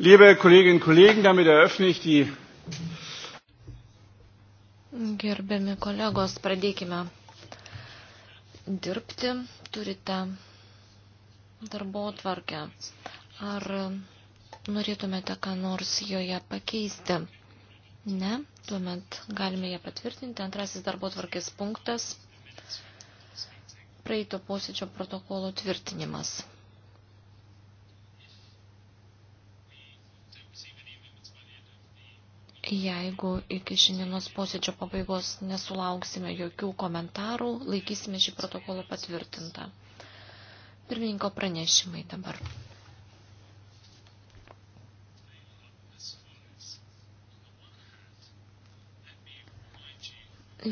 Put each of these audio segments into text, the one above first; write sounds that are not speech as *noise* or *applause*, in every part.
Liebe Kolleginnen und Kollegen, damit eröffne ich die. Gerbiami kolegos, pradėkime dirbti. Turite darbo tvarkę. Ar norėtumėte ką nors joje pakeisti? Ne, tuomet galime ją patvirtinti. Antrasis darbo tvarkės punktas praeito posėdžio protokolo tvirtinimas. Jeigu iki šiandienos posėdžio pabaigos nesulauksime jokių komentarų, laikysime šį protokolą patvirtintą. Pirmininko pranešimai dabar.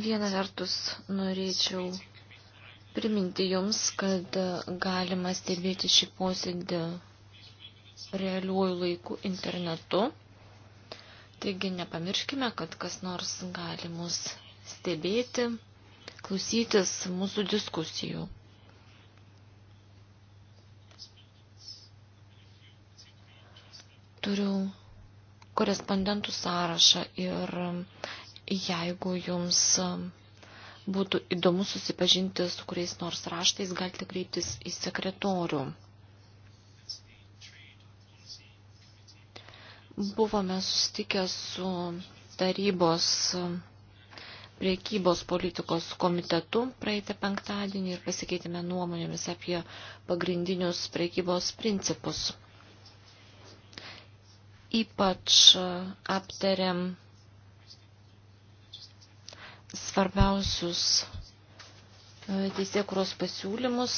Viena vertus norėčiau priminti Jums, kad galima stebėti šį posėdį realiuoju laiku internetu. Taigi nepamirškime, kad kas nors gali mus stebėti, klausytis mūsų diskusijų. Turiu korespondentų sąrašą ir jeigu jums būtų įdomu susipažinti su kuriais nors raštais, galite kreiptis į sekretorių. Buvome susitikę su tarybos priekybos politikos komitetu praeitą penktadienį ir pasikeitėme nuomonėmis apie pagrindinius priekybos principus. Ypač e, aptariam svarbiausius e, teisėkuros pasiūlymus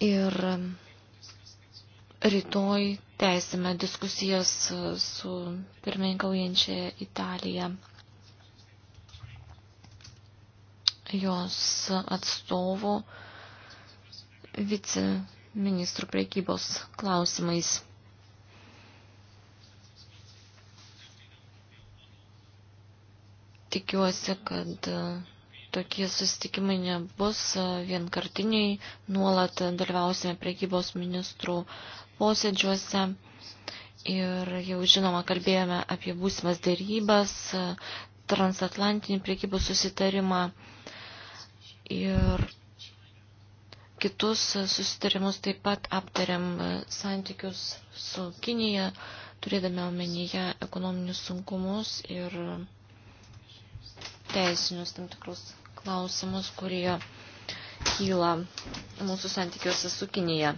Ir rytoj tęsime diskusijas su pirmininkaujančia Italija. Jos atstovų viceministrų prekybos klausimais. Tikiuosi, kad Tokie susitikimai nebus vienkartiniai, nuolat dalyvausime priekybos ministrų posėdžiuose. Ir jau žinoma, kalbėjome apie būsimas dėrybas, transatlantinį priekybos susitarimą ir kitus susitarimus taip pat aptariam santykius su Kinija, turėdami omenyje ekonominius sunkumus ir teisinius tam tikrus klausimus, kurie kyla mūsų santykiuose su Kinija.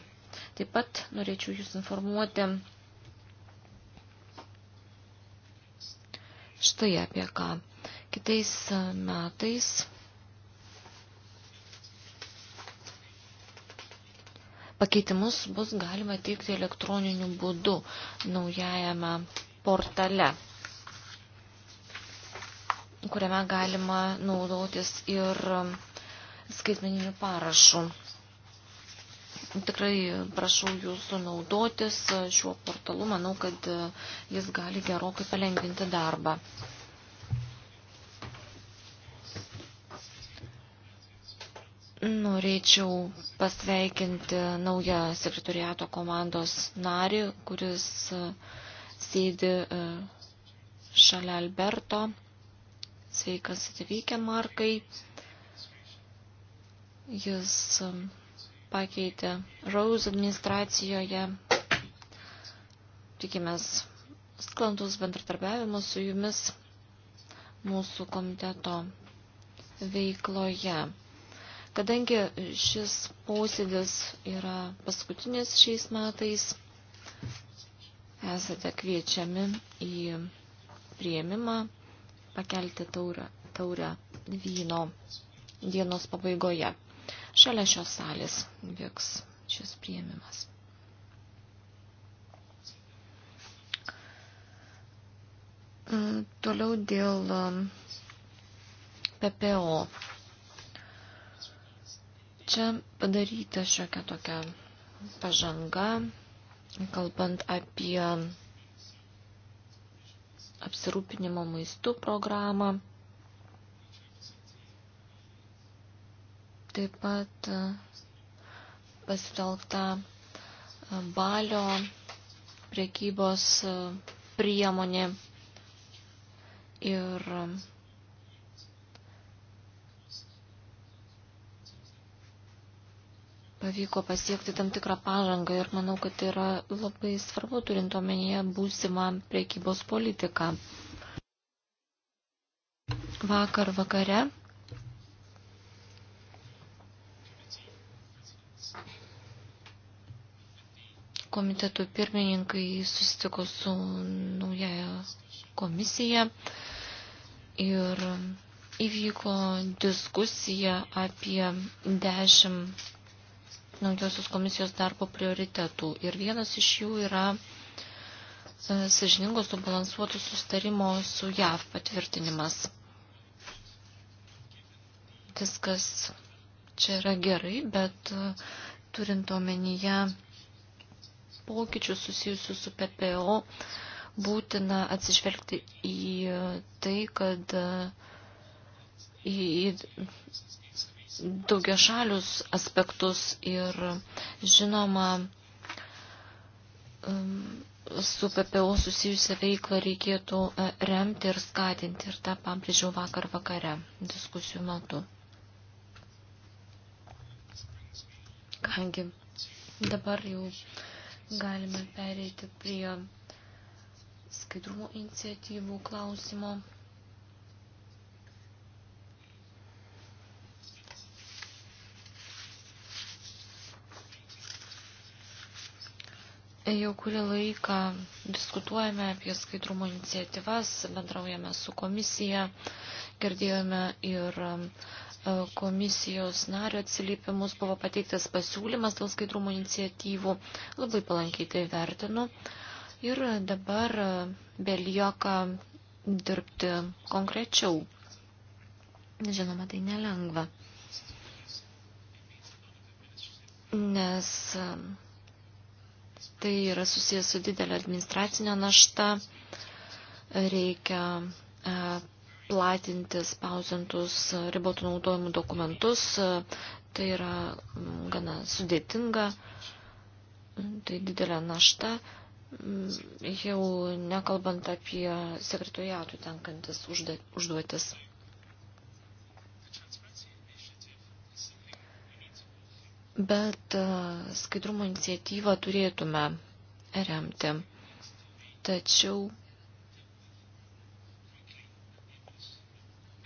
Taip pat norėčiau Jūs informuoti štai apie ką. Kitais metais pakeitimus bus galima teikti elektroniniu būdu naujajame portale kuriame galima naudotis ir um, skaitmeniniu parašu. Tikrai prašau jūsų naudotis uh, šiuo portalu, manau, kad uh, jis gali gerokai palengvinti darbą. Norėčiau pasveikinti naują sekretoriato komandos narį, kuris uh, sėdi šalia Alberto. Sveikas atvykę, Markai. Jis um, pakeitė Rose administracijoje. Tikimės sklandus bendratarbiavimas su jumis mūsų komiteto veikloje. Kadangi šis posėdis yra paskutinis šiais metais, esate kviečiami į prieimimą pakelti taurę, taurę vyno dienos pabaigoje. Šalia šios salės vyks šis priėmimas. Mm, toliau dėl um, PPO. Čia padaryta šiokia tokia pažanga, kalbant apie apsirūpinimo maistų programą. Taip pat e, pasitelkta e, balio priekybos e, priemonė ir pavyko pasiekti tam tikrą pažangą ir manau, kad tai yra labai svarbu turint omenyje būsimą priekybos politiką. Vakar vakare komitetų pirmininkai susitiko su naujaja komisija ir įvyko diskusija apie dešimt naujosios komisijos darbo prioritetų. Ir vienas iš jų yra e, sažiningos subalansuotų sustarimo su JAV patvirtinimas. Viskas čia yra gerai, bet e, turint omenyje pokyčių susijusių su PPO, būtina atsižvelgti į tai, kad e, į, į daugia šalius aspektus ir žinoma um, su PPO susijusią veiklą reikėtų e, remti ir skatinti ir tą pabrėžiau vakar vakare diskusijų metu. Kągi, dabar jau galime pereiti prie skaidrumo iniciatyvų klausimo. Jau kurį laiką diskutuojame apie skaidrumo iniciatyvas, bendraujame su komisija, girdėjome ir um, komisijos nario atsiliepimus, buvo pateiktas pasiūlymas dėl skaidrumo iniciatyvų, labai palankiai tai vertinu. Ir dabar um, belieka dirbti konkrečiau. Žinoma, tai nelengva. Nes um, Tai yra susijęs su didelė administracinė našta. Reikia e, platinti spausintus ribotų naudojimų dokumentus. Tai yra mm, gana sudėtinga. Tai didelė našta. Mm, jau nekalbant apie sekretoriatų tenkantis užduotis. Bet e, skaidrumo iniciatyvą turėtume remti. Tačiau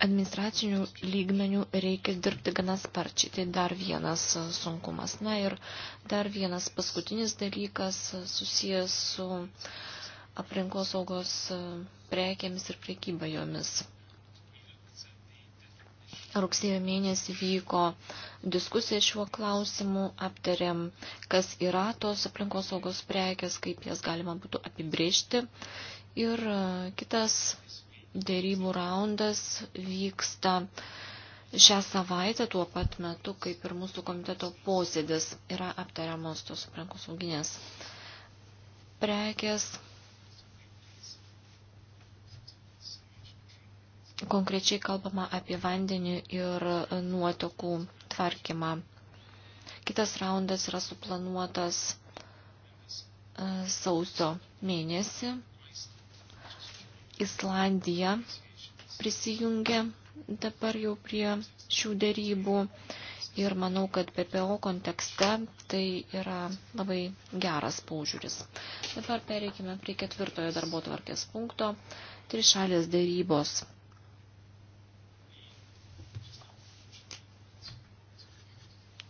administracinių lygmenių reikia dirbti gana sparčiai. Tai dar vienas e, sunkumas. Na ir dar vienas paskutinis dalykas e, susijęs su aplinkosaugos prekėmis ir prekyba jomis. Rugsėjo mėnesį vyko diskusija šiuo klausimu, aptarėm, kas yra tos aplinkosaugos prekes, kaip jas galima būtų apibrėžti. Ir e, kitas dėrybų raundas vyksta šią savaitę tuo pat metu, kaip ir mūsų komiteto posėdis, yra aptariamos tos aplinkosauginės prekės konkrečiai kalbama apie vandenį ir nuotekų tvarkymą. Kitas raundas yra suplanuotas e, sausio mėnesį. Islandija prisijungia dabar jau prie šių dėrybų ir manau, kad PPO kontekste tai yra labai geras paužiūris. Dabar pereikime prie ketvirtojo darbo tvarkės punkto. Trišalės dėrybos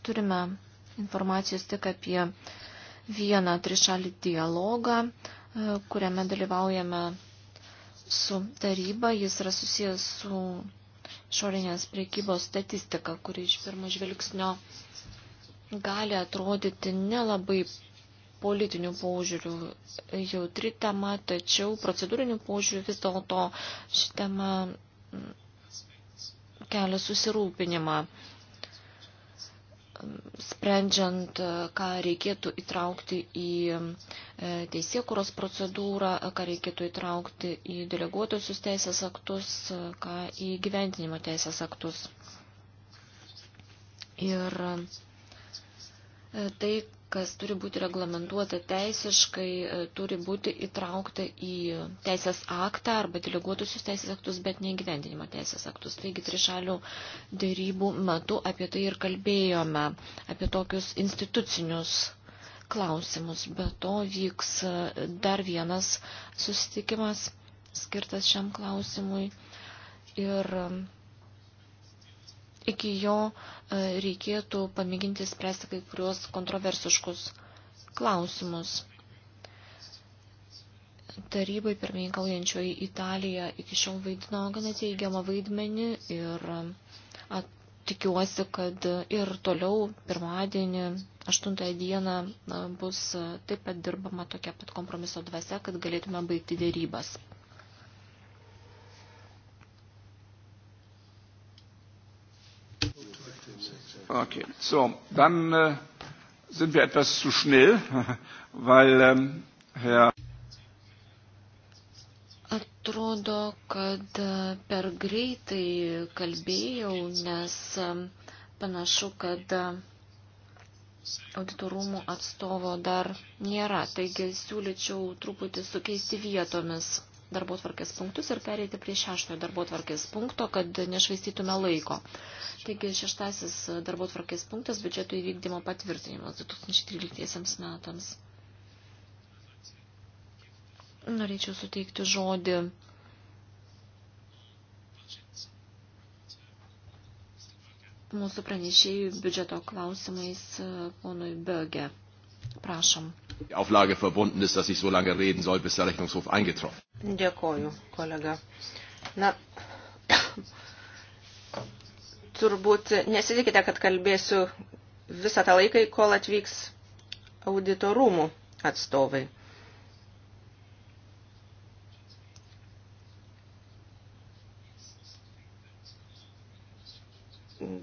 Turime informacijos tik apie vieną trišalį dialogą, e, kuriame dalyvaujame su taryba. Jis yra susijęs su šorinės priekybos statistika, kuri iš pirmo žvilgsnio gali atrodyti nelabai politinių požiūrių jautri tema, tačiau procedūrinių požiūrių vis dėlto ši tema kelia susirūpinimą sprendžiant, ką reikėtų įtraukti į e, teisėkuros procedūrą, ką reikėtų įtraukti į deleguotusius teisės aktus, ką į gyventinimo teisės aktus. Ir E, tai, kas turi būti reglamentuota teisiškai, e, turi būti įtraukta į teisės aktą arba deleguotusius teisės aktus, bet neįgyvendinimo teisės aktus. Taigi trišalių dėrybų metu apie tai ir kalbėjome, apie tokius institucinius klausimus. Be to vyks e, dar vienas susitikimas skirtas šiam klausimui. Ir iki jo e, reikėtų pamėginti spręsti kai kuriuos kontroversiškus klausimus. Tarybai pirmininkaujančioji Italija iki šiol vaidino gana teigiamą vaidmenį ir at, tikiuosi, kad ir toliau pirmadienį, 8 dieną, bus taip pat dirbama tokia pat kompromiso dvasia, kad galėtume baigti dėrybas. Okay, so, dann äh, sind wir etwas zu schnell, *laughs* weil ähm, Herr. Atrodo, kad äh, per greitai kalbėjau, nes ähm, panašu, kad äh, auditorumų atstovo dar nėra, taigi siūlyčiau truputį sukeisti vietomis darbo tvarkės punktus ir pereiti prie šeštojo darbo tvarkės punkto, kad nešvaistytume laiko. Taigi šeštasis darbo tvarkės punktas biudžeto įvykdymo patvirtinimas 2013 metams. Norėčiau suteikti žodį mūsų pranešėjų biudžeto klausimais ponui Böge. Prašom. Auflage verbunden ist, dass ich so lange reden soll, bis der Rechnungshof eingetroffen. Dėkoju, kolega. Na, turbūt nesitikite, kad kalbėsiu visą tą laiką, kol atvyks auditorumų atstovai.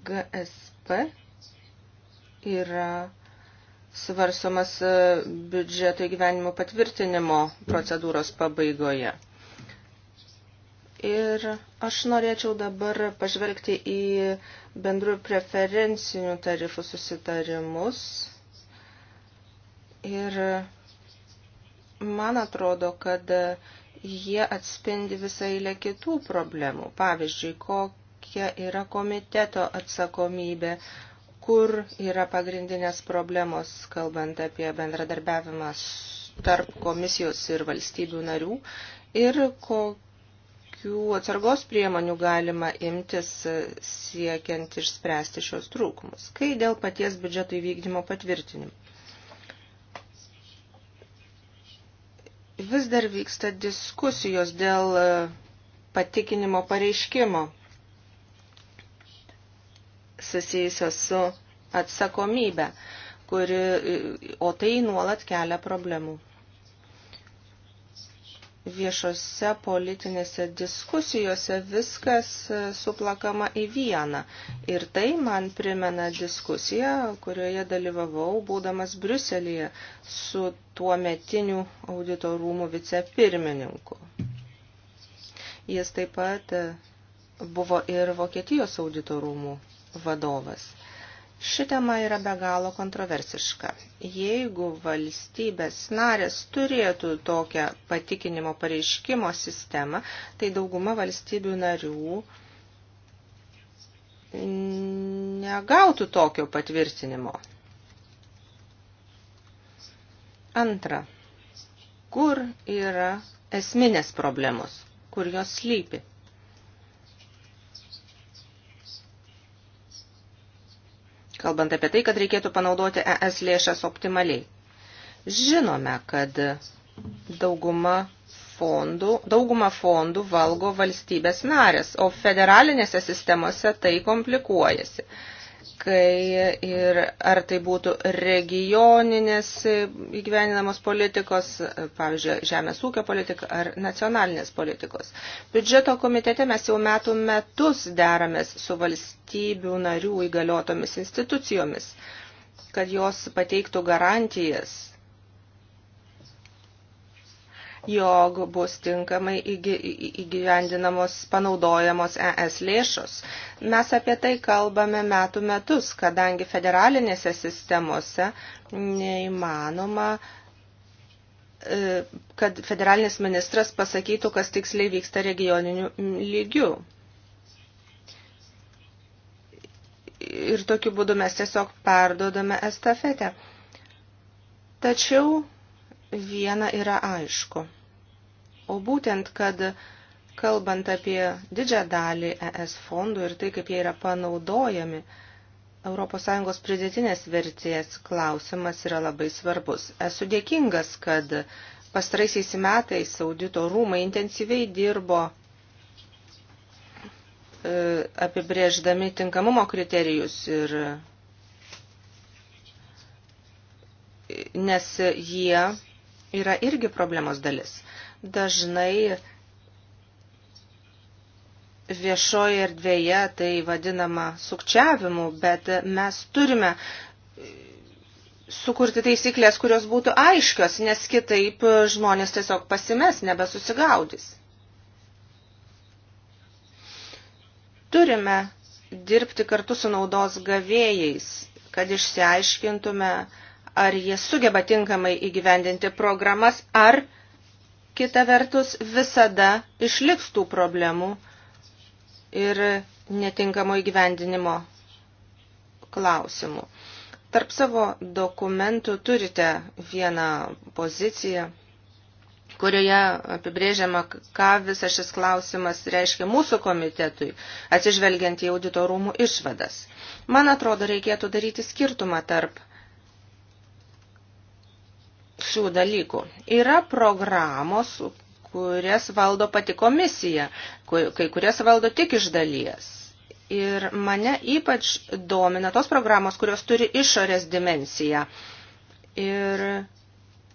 GSP yra svarstomas e, biudžeto įgyvenimo patvirtinimo procedūros pabaigoje. Ir aš norėčiau dabar pažvelgti į bendrų preferencinių tarifų susitarimus. Ir man atrodo, kad jie atspindi visą eilę kitų problemų. Pavyzdžiui, kokia yra komiteto atsakomybė kur yra pagrindinės problemos, kalbant apie bendradarbiavimą tarp komisijos ir valstybių narių ir kokių atsargos priemonių galima imtis siekiant išspręsti šios trūkumus, kai dėl paties biudžeto įvykdymo patvirtinimo. Vis dar vyksta diskusijos dėl patikinimo pareiškimo susijusios su atsakomybė, kuri, o tai nuolat kelia problemų. Viešose politinėse diskusijose viskas e, suplakama į vieną. Ir tai man primena diskusiją, kurioje dalyvavau, būdamas Briuselėje su tuo metiniu auditorumų vicepirmininku. Jis taip pat e, buvo ir Vokietijos auditorumų vadovas. Ši tema yra be galo kontroversiška. Jeigu valstybės narės turėtų tokią patikinimo pareiškimo sistemą, tai dauguma valstybių narių negautų tokio patvirtinimo. Antra, kur yra esminės problemos, kur jos slypi? kalbant apie tai, kad reikėtų panaudoti ES lėšas optimaliai. Žinome, kad dauguma fondų, dauguma fondų valgo valstybės narės, o federalinėse sistemose tai komplikuojasi kai ir ar tai būtų regioninės įgyveninamos politikos, pavyzdžiui, žemės ūkio politika ar nacionalinės politikos. Biudžeto komitete mes jau metų metus deramės su valstybių narių įgaliotomis institucijomis, kad jos pateiktų garantijas jog bus tinkamai įgyvendinamos panaudojamos ES lėšos. Mes apie tai kalbame metų metus, kadangi federalinėse sistemose neįmanoma e, kad federalinis ministras pasakytų, kas tiksliai vyksta regioniniu lygiu. Ir tokiu būdu mes tiesiog perdodame estafetę. Tačiau viena yra aišku. O būtent, kad kalbant apie didžią dalį ES fondų ir tai, kaip jie yra panaudojami, ES pridėtinės vertės klausimas yra labai svarbus. Esu dėkingas, kad pastaraisiais metais audito rūmai intensyviai dirbo e, apibrėždami tinkamumo kriterijus ir nes jie yra irgi problemos dalis. Dažnai viešoje erdvėje tai vadinama sukčiavimu, bet mes turime sukurti taisyklės, kurios būtų aiškios, nes kitaip žmonės tiesiog pasimes, nebesusigaudys. Turime dirbti kartu su naudos gavėjais, kad išsiaiškintume, ar jie sugeba tinkamai įgyvendinti programas, ar kita vertus visada išliks tų problemų ir netinkamo įgyvendinimo klausimų. Tarp savo dokumentų turite vieną poziciją, kurioje apibrėžiama, ką visas šis klausimas reiškia mūsų komitetui, atsižvelgiant į auditorumų išvadas. Man atrodo, reikėtų daryti skirtumą tarp – šių dalykų. Yra programos, kurias valdo pati komisija, kai kurias valdo tik iš dalies. Ir mane ypač domina tos programos, kurios turi išorės dimensiją ir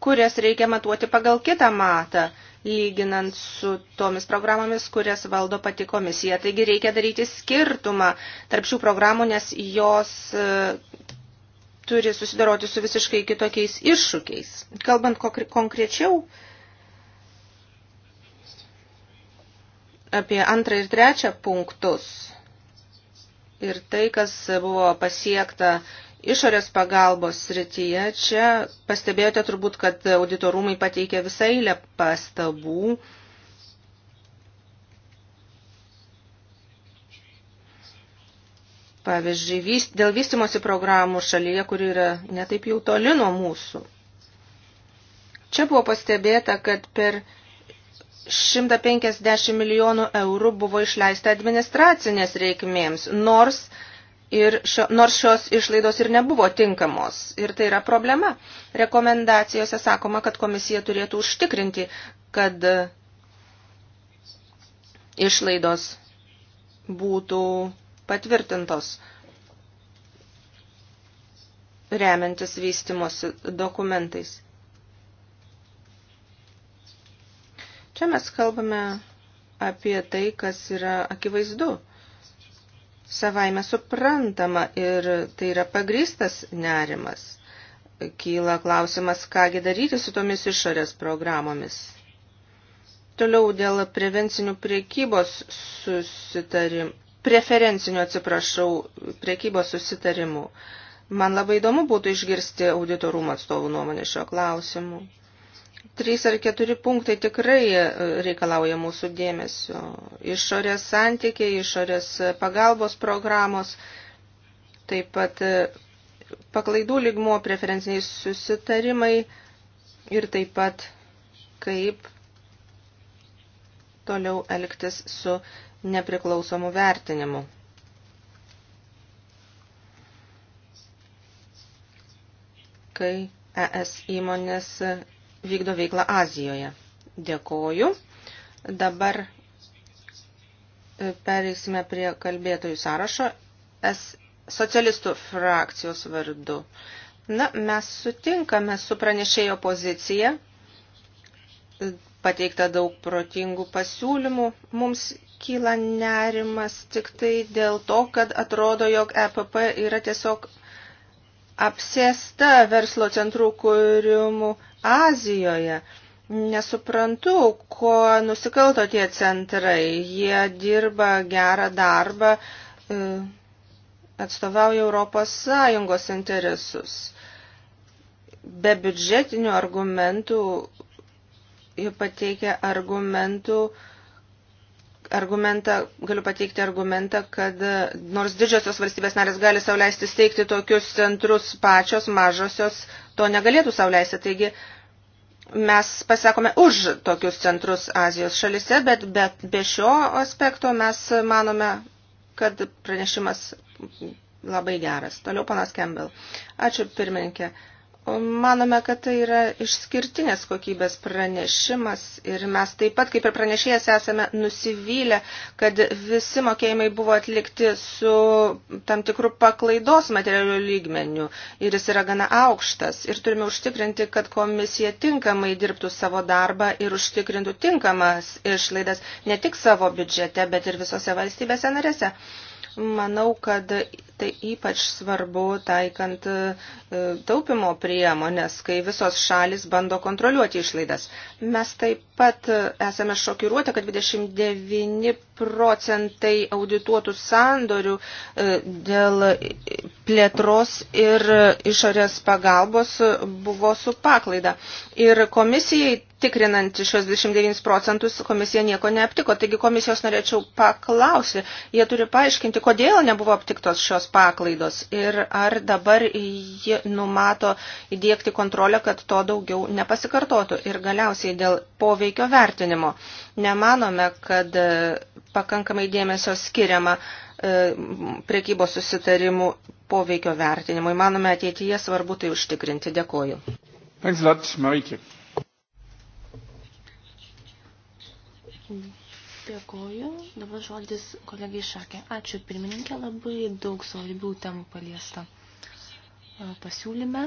kurias reikia matuoti pagal kitą matą, lyginant su tomis programomis, kurias valdo pati komisija. Taigi reikia daryti skirtumą tarp šių programų, nes jos turi susidaroti su visiškai kitokiais iššūkiais. Kalbant konkrečiau apie antrą ir trečią punktus ir tai, kas buvo pasiekta išorės pagalbos srityje, čia pastebėjote turbūt, kad auditorumai pateikė visą eilę pastabų Pavyzdžiui, dėl vystimosi programų šalyje, kuri yra netaip jau toli nuo mūsų. Čia buvo pastebėta, kad per 150 milijonų eurų buvo išleista administracinės reikmėms, nors, ir šio, nors šios išlaidos ir nebuvo tinkamos. Ir tai yra problema. Rekomendacijose sakoma, kad komisija turėtų užtikrinti, kad išlaidos būtų patvirtintos remiantis vystimosi dokumentais. Čia mes kalbame apie tai, kas yra akivaizdu, savaime suprantama ir tai yra pagristas nerimas. Kyla klausimas, kągi daryti su tomis išorės programomis. Toliau dėl prevencinių priekybos susitarim, preferencinių, atsiprašau, priekybos susitarimų. Man labai įdomu būtų išgirsti auditorumo atstovų nuomonę šio klausimu. Trys ar keturi punktai tikrai e, reikalauja mūsų dėmesio. Išorės santykiai, išorės pagalbos programos, taip pat e, paklaidų lygmuo, preferenciniai susitarimai ir taip pat kaip toliau elgtis su nepriklausomų vertinimų. Kai ES įmonės vykdo veiklą Azijoje. Dėkoju. Dabar e, pereisime prie kalbėtojų sąrašo es socialistų frakcijos vardu. Na, mes sutinkame su pranešėjo pozicija, pateikta daug protingų pasiūlymų, mums kyla nerimas tik tai dėl to, kad atrodo, jog EPP yra tiesiog apsėsta verslo centrų kūrimų Azijoje. Nesuprantu, ko nusikalto tie centrai. Jie dirba gerą darbą, e, atstovauja Europos Sąjungos interesus. Be biudžetinių argumentų jie pateikia argumentų, uh, argumentą, galiu pateikti argumentą, kad nors didžiosios valstybės narės gali sauliaisti steigti tokius centrus pačios, mažosios to negalėtų sauliaisti. Taigi mes pasakome už tokius centrus Azijos šalise, bet, bet be šio aspekto mes manome, kad pranešimas labai geras. Toliau panas Campbell. Ačiū pirmininkė. Manome, kad tai yra išskirtinės kokybės pranešimas ir mes taip pat, kaip ir pranešėjas, esame nusivylę, kad visi mokėjimai buvo atlikti su tam tikru paklaidos materialiu lygmeniu ir jis yra gana aukštas ir turime užtikrinti, kad komisija tinkamai dirbtų savo darbą ir užtikrintų tinkamas išlaidas ne tik savo biudžete, bet ir visose valstybėse narėse. Manau, kad Tai ypač svarbu taikant e, taupimo priemonės, kai visos šalis bando kontroliuoti išlaidas. Mes taip pat e, esame šokiruoti, kad 29 procentai audituotų sandorių e, dėl plėtros ir išorės pagalbos buvo su paklaida. Ir komisijai tikrinant šios 29 procentus, komisija nieko neaptiko. Taigi komisijos norėčiau paklausti, jie turi paaiškinti, kodėl nebuvo aptiktos šios paklaidos ir ar dabar ji numato įdėkti kontrolę, kad to daugiau nepasikartotų. Ir galiausiai dėl poveikio vertinimo. Nemanome, kad e, pakankamai dėmesio skiriama e, priekybos susitarimų poveikio vertinimui. Manome ateityje svarbu tai užtikrinti. Dėkoju. Thanks a lot, Marike. Mm. Dėkuoju. Dabar žodis kolegai Šakė. Ačiū pirmininkė, labai daug svarbių temų paliesta e, pasiūlyme.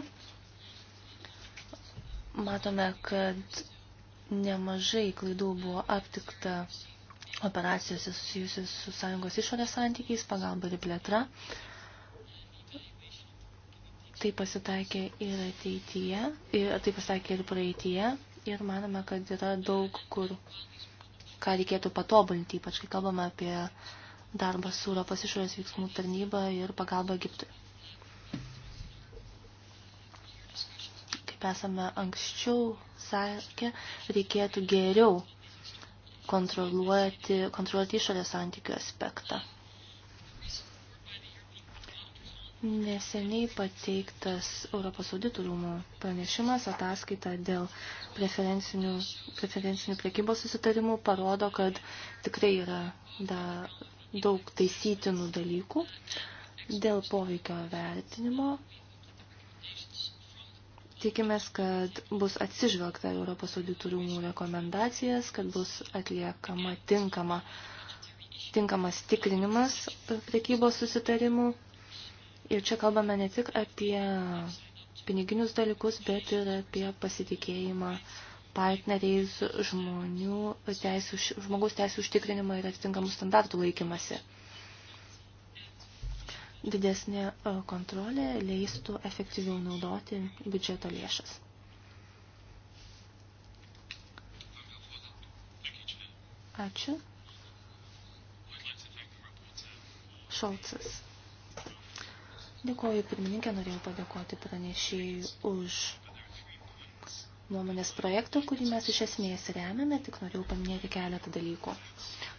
Matome, kad nemažai klaidų buvo aptikta operacijose susijusios su sąjungos išorės santykiais, pagalba ir plėtra. Tai pasitaikė ir ateityje, ir, tai pasitaikė ir praeityje, ir manome, kad yra daug kur ką reikėtų patobulinti, ypač kai kalbame apie darbą su Europos išorės veiksmų tarnyba ir pagalba Egiptui. Kaip esame anksčiau sakę, reikėtų geriau kontroliuoti, kontroliuoti išorės santykių aspektą. Neseniai pateiktas Europos auditų rūmų pranešimas ataskaita dėl preferencinių, preferencinių priekybos susitarimų parodo, kad tikrai yra da, daug taisytinų dalykų dėl poveikio vertinimo. Tikimės, kad bus atsižvelgta Europos auditų rūmų rekomendacijas, kad bus atliekama tinkama, tinkamas tikrinimas prekybos susitarimų Ir čia kalbame ne tik apie piniginius dalykus, bet ir apie pasitikėjimą partneriais žmonių teisų, žmogaus teisų užtikrinimą ir atitinkamų standartų laikymasi. Didesnė e, kontrolė leistų efektyviau naudoti biudžeto lėšas. Ačiū. Šolcas. Dėkoju pirmininkė, norėjau padėkoti pranešėjui už nuomonės projektą, kurį mes iš esmės remiame, tik norėjau paminėti keletą dalykų.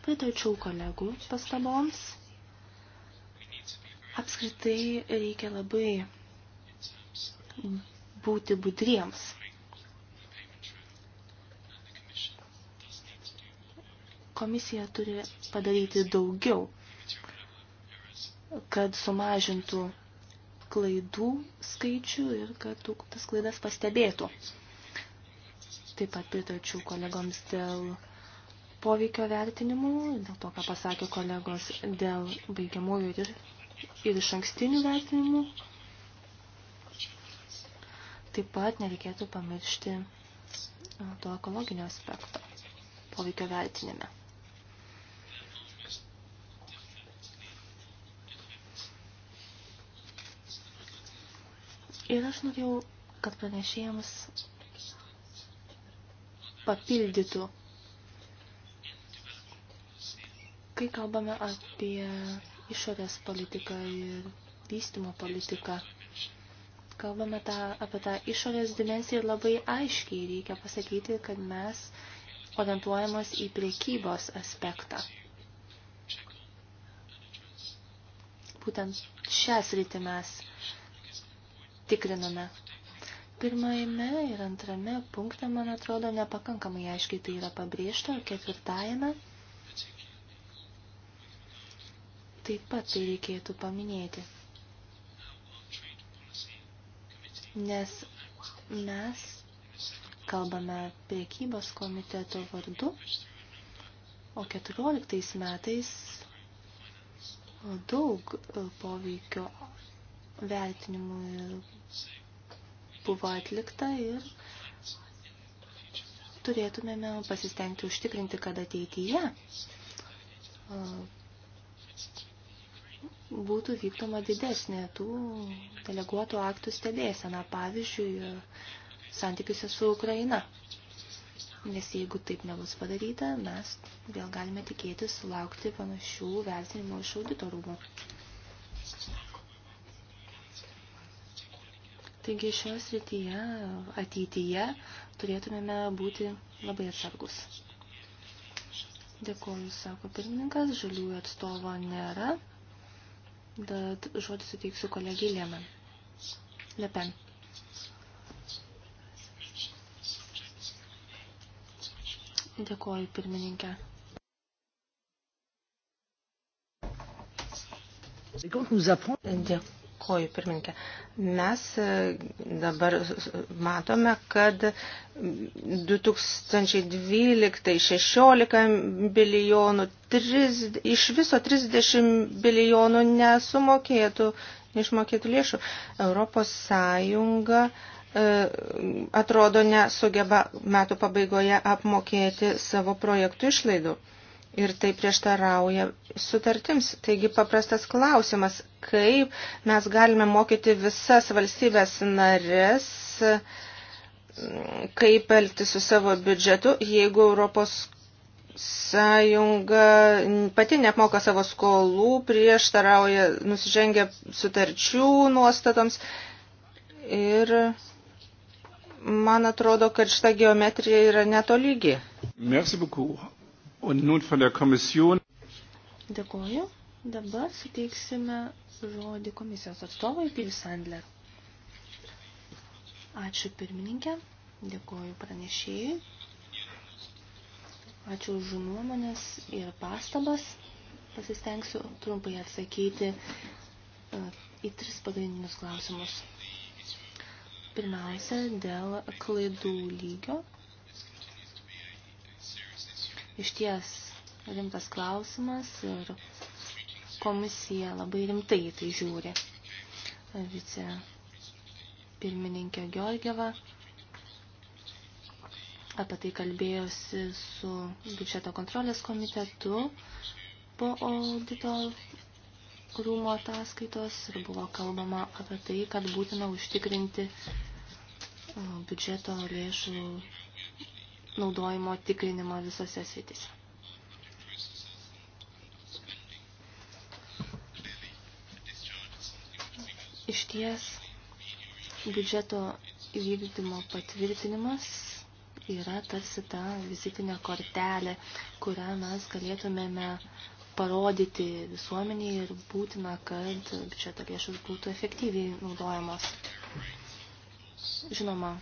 Pritarčiau kolegų pastaboms. Apskritai reikia labai būti budriems. Komisija turi padaryti daugiau, kad sumažintų klaidų skaičių ir kad tas klaidas pastebėtų. Taip pat pritarčiau kolegoms dėl poveikio vertinimų, dėl to, ką pasakė kolegos dėl baigiamųjų ir, ir iš ankstinių vertinimų. Taip pat nereikėtų pamiršti to ekologinio aspekto poveikio vertinime. Ir aš norėjau, kad pranešėjams papildytų, kai kalbame apie išorės politiką ir vystimo politiką. Kalbame tą, apie tą išorės dimensiją ir labai aiškiai reikia pasakyti, kad mes orientuojamos į priekybos aspektą. Būtent šią sritį mes tikriname. Pirmajame ir antrame punkte, man atrodo, nepakankamai aiškiai tai yra pabrėžta, o ketvirtajame taip pat tai reikėtų paminėti. Nes mes kalbame priekybos komiteto vardu, o 14 metais daug poveikio vertinimų ir buvo atlikta ir turėtumėme pasistengti užtikrinti, kad ateityje būtų vykdoma didesnė tų deleguotų aktų stebėsena, pavyzdžiui, santykiuose su Ukraina. Nes jeigu taip nebus padaryta, mes vėl galime tikėtis sulaukti panašių vertinimo iš auditorumo. Taigi šios rytyje ateityje turėtumėme būti labai atsargus. Dėkuoju, sako pirmininkas, žaliųjų atstovo nėra, bet žodį suteiksiu kolegijai Leman. Lepen. Dėkuoju, pirmininkė. Dėkuoju. Dėkoju, pirminkė. Mes e, dabar matome, kad 2012-16 bilijonų, 3, iš viso 30 bilijonų nesumokėtų, išmokėtų lėšų. Europos Sąjunga e, atrodo nesugeba metų pabaigoje apmokėti savo projektų išlaidų ir tai prieštarauja sutartims. Taigi paprastas klausimas, kaip mes galime mokyti visas valstybės narės, kaip elgti su savo biudžetu, jeigu Europos sąjunga pati neapmoka savo skolų, prieštarauja, nusižengia sutarčių nuostatoms ir man atrodo, kad šita geometrija yra netolygi. Merci beaucoup. Und nun von der Kommission. Dėkoju. Dabar suteiksime žodį komisijos atstovai Pilius Sandler. Ačiū pirmininkė, dėkoju pranešėjai, ačiū už nuomonės ir pastabas. Pasistengsiu trumpai atsakyti e, į tris pagrindinius klausimus. Pirmiausia, dėl klaidų lygio išties rimtas klausimas ir komisija labai rimtai tai žiūri. Vice pirmininkė Georgieva apie tai kalbėjosi su biudžeto kontrolės komitetu po audito rūmo ataskaitos ir buvo kalbama apie tai, kad būtina užtikrinti biudžeto lėšų naudojimo tikrinimą visose sritise. Iš ties biudžeto įvykdymo patvirtinimas yra tarsi ta vizitinė kortelė, kurią mes galėtumėme parodyti visuomeniai ir būtina, kad biudžeto lėšos būtų efektyviai naudojamos. Žinoma,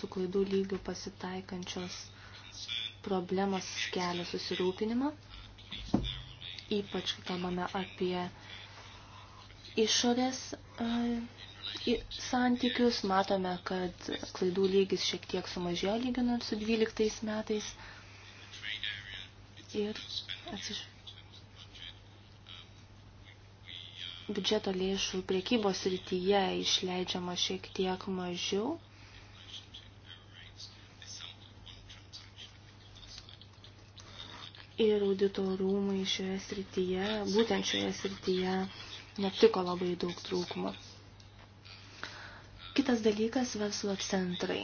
su klaidų lygiu pasitaikančios problemos kelia susirūpinimą, ypač kai kalbame apie išorės santykius, matome, kad klaidų lygis šiek tiek sumažėjo lyginant su 12 metais. Ir atsiž... biudžeto lėšų priekybos rytyje išleidžiama šiek tiek mažiau ir auditorumai šioje srityje, būtent šioje srityje, netiko labai daug trūkumų. Kitas dalykas – verslo centrai.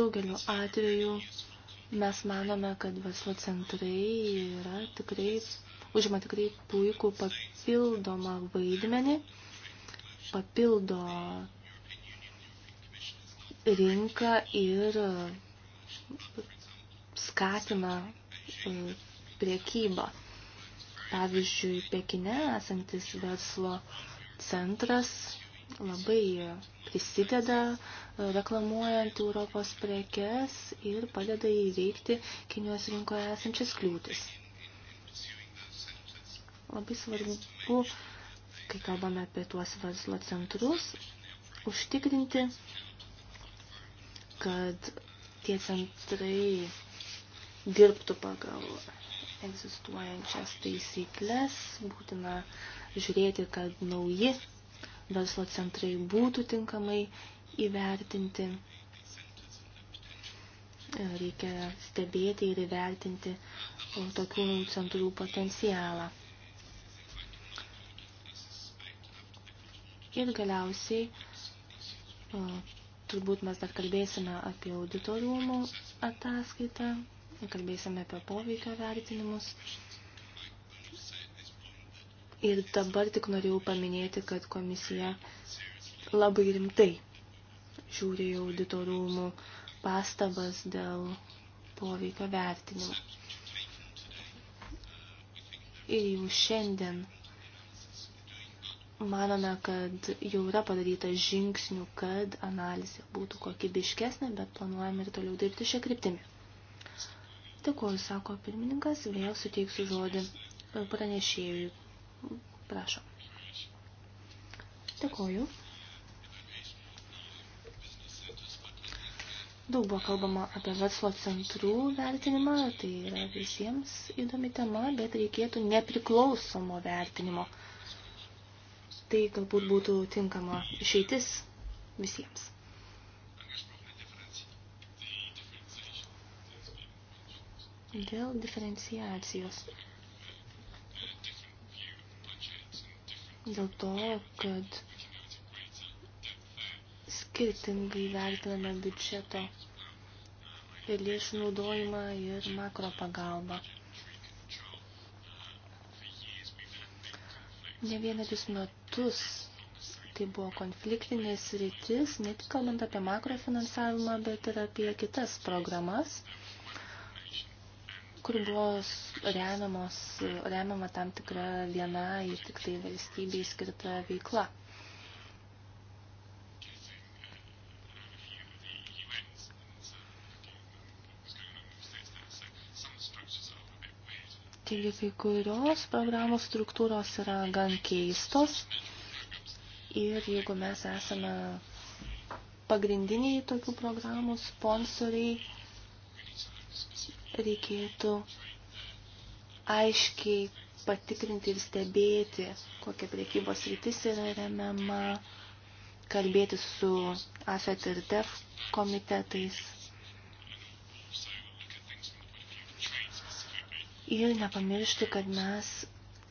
Daugeliu atveju mes manome, kad verslo centrai yra tikrai, užima tikrai puikų papildomą vaidmenį, papildo rinką ir e, skatina e, priekybą. Pavyzdžiui, Pekine esantis verslo centras labai prisideda e, reklamuojant Europos prekes ir padeda įveikti Kinijos rinkoje esančias kliūtis. Labai svarbu, kai kalbame apie tuos verslo centrus, užtikrinti kad tie centrai dirbtų pagal egzistuojančias taisyklės, būtina žiūrėti, kad nauji verslo centrai būtų tinkamai įvertinti. Reikia stebėti ir įvertinti tokių centrų potencialą. Ir galiausiai Turbūt mes dar kalbėsime apie auditorumų ataskaitą, kalbėsime apie poveikio vertinimus. Ir dabar tik norėjau paminėti, kad komisija labai rimtai žiūri į auditorumų pastabas dėl poveikio vertinimo. Ir jau šiandien Manome, kad jau yra padaryta žingsnių, kad analizė būtų kokybiškesnė, bet planuojame ir toliau dirbti šią kryptimį. Dėkuoju, sako pirmininkas, vėl suteiksiu žodį pranešėjui. Prašom. Dėkuoju. Daug buvo kalbama apie verslo centrų vertinimą, tai yra visiems įdomi tema, bet reikėtų nepriklausomo vertinimo tai galbūt būtų tinkama išeitis visiems. Dėl diferenciacijos. Dėl to, kad skirtingai vertiname biudžeto ir lėšų naudojimą ir makro pagalbą. Ne vienerius metus metus. Tai buvo konfliktinės rytis, ne tik kalbant apie makrofinansavimą, bet ir apie kitas programas, kur buvo remiamos, remiama tam tikra viena ir tik tai valstybei skirta veikla. Taigi kai kurios programos struktūros yra gan keistos ir jeigu mes esame pagrindiniai tokių programų sponsoriai, reikėtų aiškiai patikrinti ir stebėti, kokia priekybos rytis yra remiama, kalbėti su AFET ir DEF komitetais ir nepamiršti, kad mes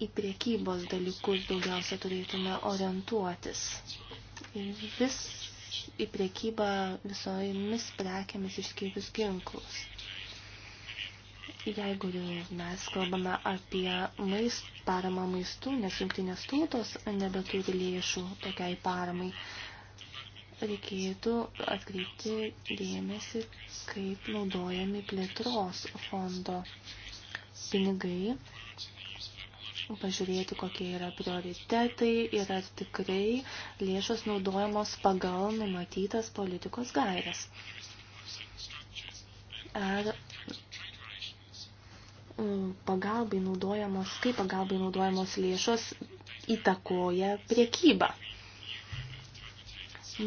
į priekybos dalykus daugiausia turėtume orientuotis. Vis į priekybą visomis prekiamis išskyrus ginklus. Jeigu mes kalbame apie maist, paramą maistų, nes jungtinės tautos nebeturi lėšų tokiai paramai, reikėtų atkreipti dėmesį, kaip naudojami plėtros fondo pinigai, pažiūrėti, kokie yra prioritetai ir ar tikrai lėšos naudojamos pagal numatytas politikos gairias. Ar mm, pagalbai naudojamos, kaip pagalbai naudojamos lėšos įtakoja priekybą.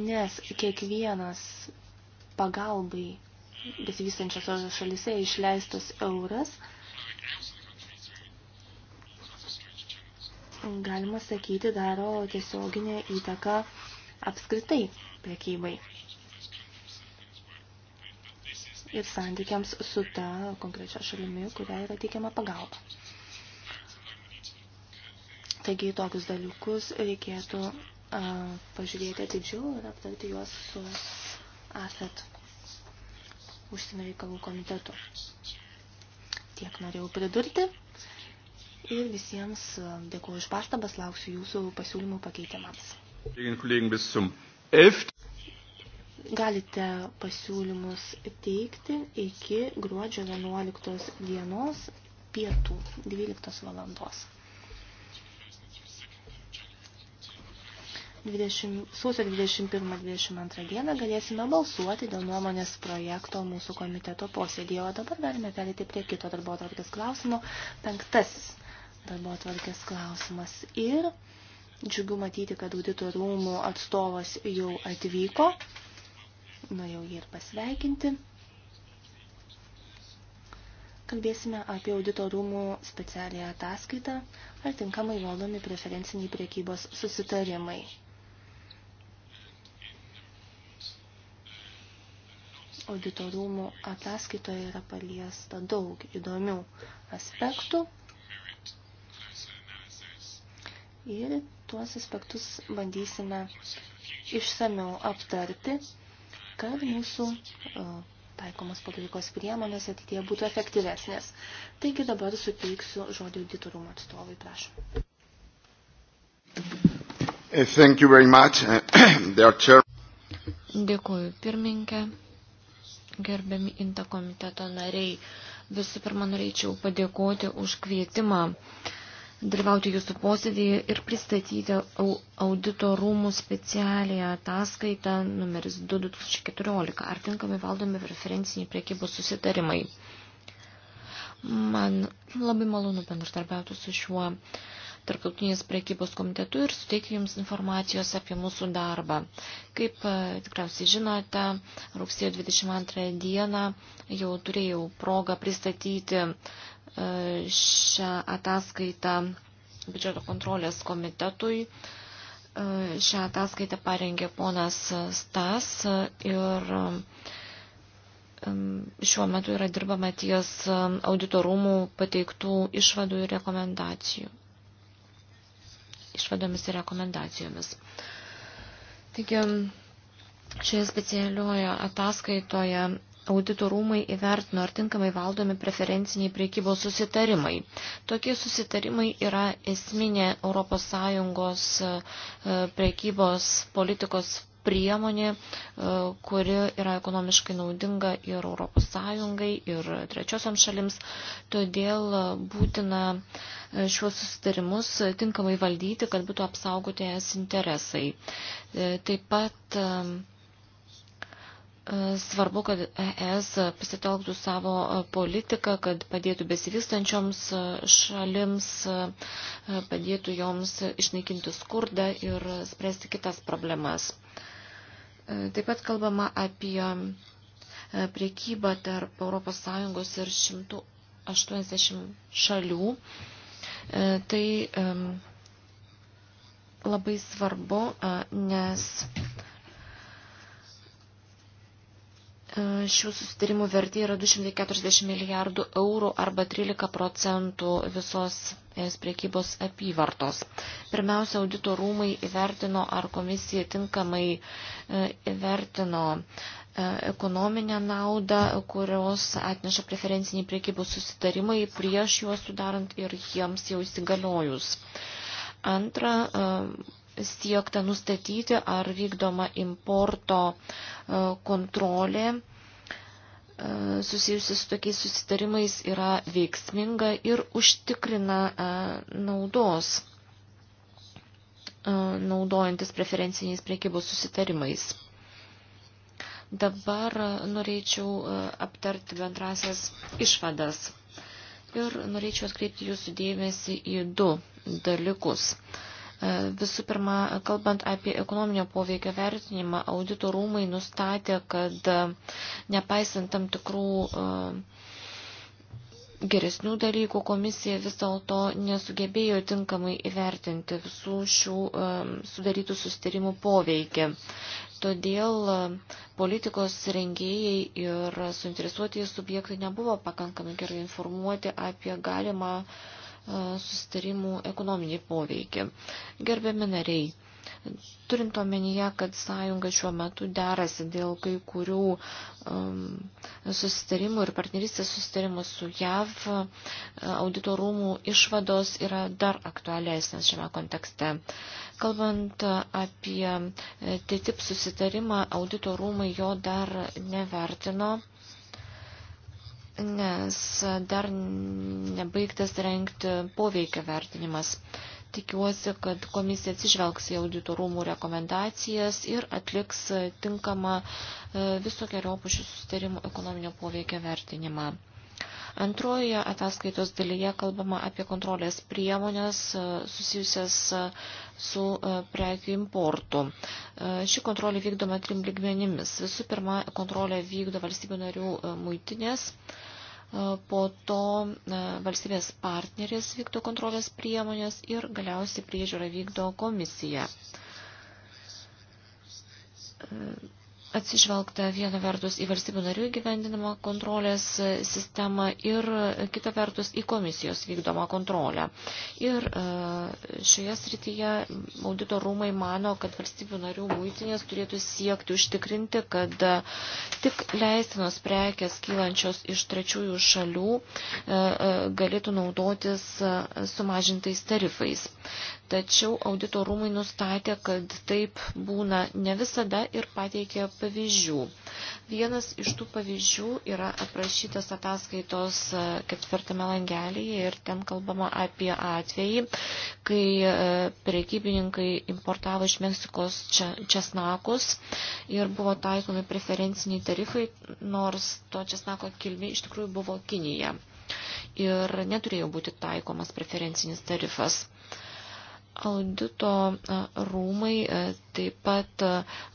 Nes kiekvienas pagalbai besivystančios šalise išleistas euras galima sakyti, daro tiesioginę įtaką apskritai prekybai ir santykiams su ta konkrečia šalimi, kuria yra teikiama pagalba. Taigi į tokius dalykus reikėtų a, pažiūrėti atidžiau ir aptarti juos su AFET užsienio reikalų komitetu. Tiek norėjau pridurti ir visiems e, dėkuoju iš pastabas, lauksiu jūsų pasiūlymų pakeitimams. Galite pasiūlymus teikti iki gruodžio 11 dienos pietų 12 valandos. 20, sausio 21-22 dieną galėsime balsuoti dėl nuomonės projekto mūsų komiteto posėdėje, o dabar galime perėti prie kito darbo atvarkės klausimo. Penktasis darbo atvarkės klausimas. Ir džiugu matyti, kad audito rūmų atstovas jau atvyko. Nuėjau jį ir pasveikinti. Kalbėsime apie audito rūmų specialią ataskaitą, ar tinkamai valdomi preferenciniai priekybos susitarimai. auditorumų ataskaitoje yra paliesta daug įdomių aspektų ir tuos aspektus bandysime išsamiau aptarti, kad mūsų e, taikomos politikos priemonės ateitie būtų efektyvesnės. Taigi dabar suteiksiu žodį auditorumo atstovui, prašom. Eh, thank you very much. *coughs* Dėkuoju, pirmininkė, gerbiami inta komiteto nariai. Visų pirma, norėčiau padėkoti už kvietimą uh, dalyvauti jūsų posėdėje ir pristatyti audito rūmų specialią ataskaitą numeris 2-2014. Ar tinkamai valdomi referenciniai priekybos susitarimai? Man labai malonu bendradarbiauti su šiuo tarptautinės priekybos komitetu ir suteikti jums informacijos apie mūsų darbą. Kaip e, tikriausiai žinote, rugsėjo 22 dieną jau turėjau progą pristatyti E, šią ataskaitą biudžeto kontrolės komitetui. E, šią ataskaitą parengė ponas Stas ir e, šiuo metu yra dirbama ties auditorumų pateiktų išvadų ir rekomendacijų. Išvadomis ir rekomendacijomis. Taigi, šioje specialioje ataskaitoje audito rūmai įvertino, ar tinkamai valdomi preferenciniai priekybos susitarimai. Tokie susitarimai yra esminė ES e, priekybos politikos priemonė, e, kuri yra ekonomiškai naudinga ir ES, ir trečiosiam šalims. Todėl būtina e, šiuos susitarimus tinkamai valdyti, kad būtų apsaugoti es interesai. Taip pat Svarbu, kad ES pasitelktų savo politiką, kad padėtų besivystančioms šalims, padėtų joms išnaikinti skurdą ir spręsti kitas problemas. Taip pat kalbama apie priekybą tarp ES ir 180 šalių. Tai labai svarbu, nes E, šių susitarimų vertė yra 240 milijardų eurų arba 13 procentų visos es priekybos apyvartos. Pirmiausia, audito rūmai įvertino, ar komisija tinkamai e, įvertino e, ekonominę naudą, kurios atneša preferenciniai priekybos susitarimai prieš juos sudarant ir jiems jau įsigaliojus. Antra, siekta nustatyti, ar vykdoma importo e, kontrolė e, susijusi su tokiais susitarimais yra veiksminga ir užtikrina e, naudos, naudojantis preferenciniais priekybos susitarimais. Dabar norėčiau aptarti bendrasias išvadas ir norėčiau atkreipti jūsų dėmesį į du dalykus. Visų pirma, kalbant apie ekonominio poveikio vertinimą, audito rūmai nustatė, kad e, nepaisant tam tikrų e, geresnių dalykų komisija vis dėlto nesugebėjo tinkamai įvertinti visų šių e, sudarytų sustarimų poveikį. Todėl politikos rengėjai ir suinteresuotieji subjektai nebuvo pakankamai gerai informuoti apie galimą uh, susitarimų ekonominį poveikį. Gerbiami nariai, turint omenyje, kad sąjunga šiuo metu derasi dėl kai kurių um, susitarimų ir partnerystės susitarimų su JAV, auditorumų išvados yra dar aktualesnės šiame kontekste. Kalbant apie e, TTIP susitarimą, auditorumai jo dar nevertino nes dar nebaigtas rengti poveikio vertinimas. Tikiuosi, kad komisija atsižvelgs į auditorumų rekomendacijas ir atliks tinkamą e, visokiojo šių sustarimų ekonominio poveikio vertinimą. Antrojoje ataskaitos dalyje kalbama apie kontrolės priemonės e, susijusias e, su prekių importu. Ši kontrolė vykdoma trim lygmenimis. Visų pirma, kontrolė vykdo valstybių narių muitinės po to valstybės partneris vykdo kontrolės priemonės ir galiausiai priežiūrą vykdo komisija atsižvelgta viena vertus į valstybių narių įgyvendinamą kontrolės e, sistemą ir e, kita vertus į komisijos vykdomą kontrolę. Ir e, šioje srityje audito rūmai mano, kad valstybių narių būtinės turėtų siekti užtikrinti, kad tik leistinos prekės kylančios iš trečiųjų šalių galėtų naudotis sumažintais tarifais. Tačiau audito rūmai nustatė, kad taip būna ne visada ir pateikė pavyzdžių. Vienas iš tų pavyzdžių yra aprašytas ataskaitos e, ketvirtame langelėje ir ten kalbama apie atvejį, kai e, prekybininkai importavo iš Meksikos česnakus ir buvo taikomi preferenciniai tarifai, nors to česnako kilmė iš tikrųjų buvo Kinija. Ir neturėjo būti taikomas preferencinis tarifas. Audito rūmai taip pat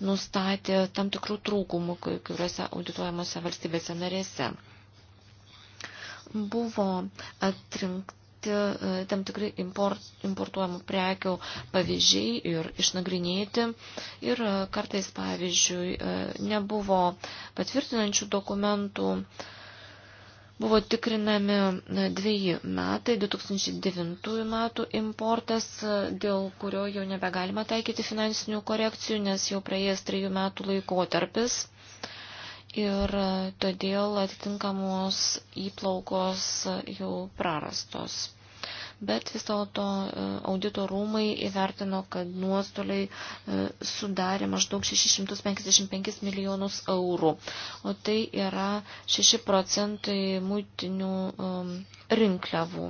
nustatė tam tikrų trūkumų kai kuriuose audituojamuose valstybėse narėse. Buvo atrinkta pateikti tam tikrai import, importuojamų prekių pavyzdžiai ir išnagrinėti. Ir kartais, pavyzdžiui, nebuvo patvirtinančių dokumentų Buvo tikrinami e, dviejai metai, 2009 metų importas, e, dėl kurio jau nebegalima taikyti finansinių korekcijų, nes jau praėjęs trejų metų laikotarpis ir e, todėl atitinkamos įplaukos jau prarastos bet vis dėlto e, audito rūmai įvertino, kad nuostoliai e, sudarė maždaug 655 milijonus eurų, o tai yra 6 procentai muitinių rinkliavų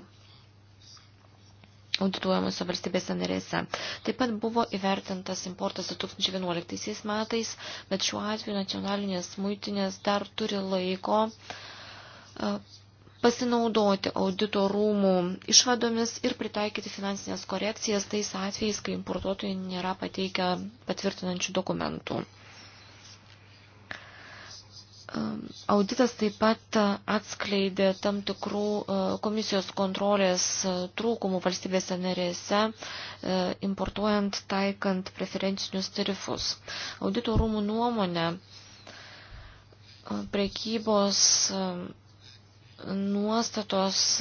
audituojamose valstybėse narėse. Taip pat buvo įvertintas importas 2011 metais, bet šiuo atveju nacionalinės muitinės dar turi laiko e, pasinaudoti audito rūmų išvadomis ir pritaikyti finansinės korekcijas tais atvejais, kai importuotojai nėra pateikę patvirtinančių dokumentų. Ehm, auditas taip pat atskleidė tam tikrų e, komisijos kontrolės e, trūkumų valstybėse narėse, e, importuojant taikant preferencinius tarifus. Audito rūmų nuomonė prekybos nuostatos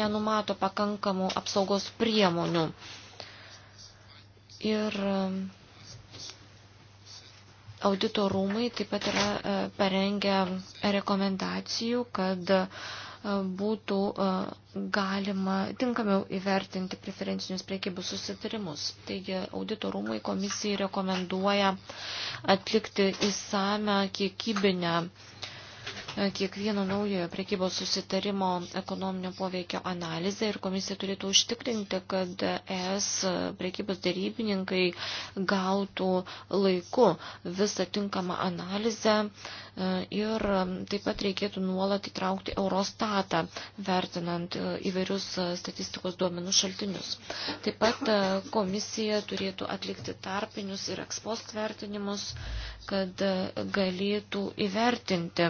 nenumato pakankamų apsaugos priemonių. Ir audito rūmai taip pat yra parengę rekomendacijų, kad būtų galima tinkamiau įvertinti preferencinius priekybų susitarimus. Taigi audito rūmai komisijai rekomenduoja atlikti įsame kiekybinę uh, kiekvieno naujojo prekybos susitarimo ekonominio poveikio analizę ir komisija turėtų užtikrinti, kad ES prekybos darybininkai gautų laiku visą tinkamą analizę e, ir taip pat reikėtų nuolat įtraukti Eurostatą, vertinant e, įvairius e, statistikos duomenų šaltinius. Taip pat komisija turėtų atlikti tarpinius ir ekspost vertinimus kad e, galėtų įvertinti,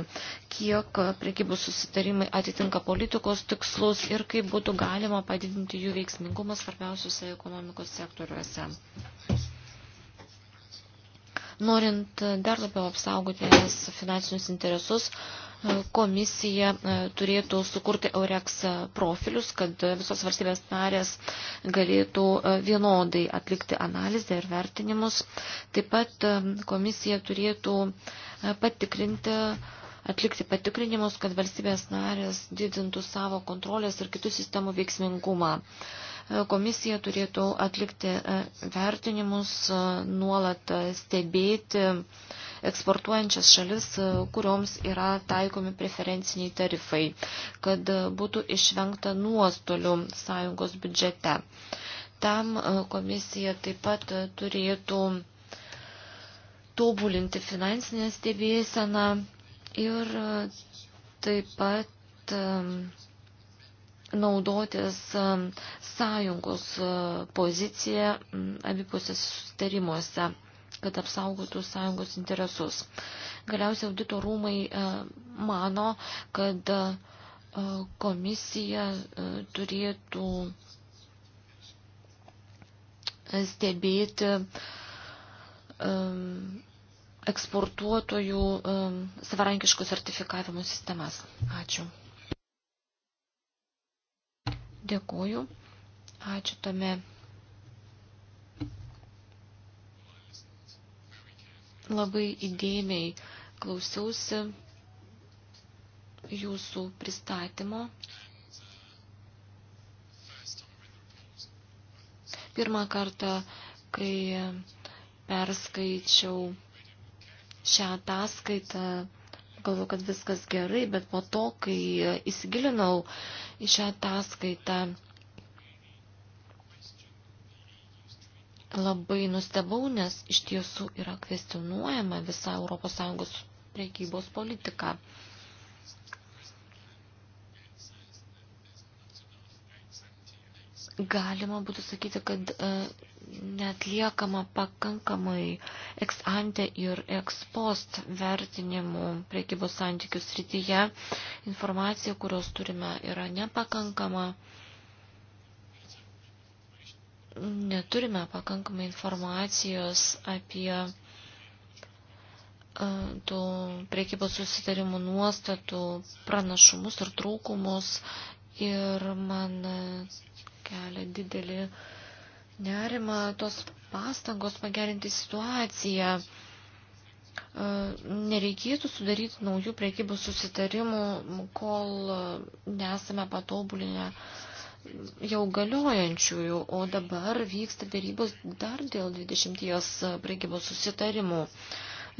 kiek prekybų susitarimai atitinka politikos tikslus ir kaip būtų galima padidinti jų veiksmingumą svarbiausiuose ekonomikos sektoriuose. Norint dar labiau apsaugoti finansinius interesus, komisija e, turėtų sukurti Eurex profilius, kad visos valstybės narės galėtų e, vienodai atlikti analizę ir vertinimus. Taip pat e, komisija turėtų patikrinti atlikti patikrinimus, kad valstybės narės didintų savo kontrolės ir kitų sistemų veiksmingumą. Komisija turėtų atlikti e, vertinimus, e, nuolat e, stebėti eksportuojančias šalis, kurioms yra taikomi preferenciniai tarifai, kad būtų išvengta nuostolių sąjungos biudžete. Tam komisija taip pat turėtų tobulinti finansinę stebėseną ir taip pat naudotis um, sąjungos uh, poziciją um, abipusės sustarimuose kad apsaugotų sąjungos interesus. Galiausiai audito rūmai uh, mano, kad uh, komisija turėtų stebėti um, eksportuotojų savarankiškų sertifikavimo sistemas. Ačiū. Dėkuoju. Ačiū tame. Labai įdėmiai klausiausi jūsų pristatymo. Pirmą kartą, kai perskaičiau šią ataskaitą, galvoju, kad viskas gerai, bet po to, kai įsigilinau į šią ataskaitą. Labai nustebau, nes iš tiesų yra kvestionuojama visa ES prekybos politika. galima būtų sakyti, kad e, netliekama pakankamai ex ante ir ex post vertinimų priekybos santykių srityje. Informacija, kurios turime, yra nepakankama. Neturime pakankamai informacijos apie e, tų priekybos susitarimų nuostatų pranašumus ir trūkumus. Ir man kelia didelį nerimą tos pastangos pagerinti situaciją. E, nereikėtų sudaryti naujų priekybos susitarimų, kol nesame patobulinę jau galiojančiųjų, o dabar vyksta dėrybos dar dėl 20 priekybos susitarimų.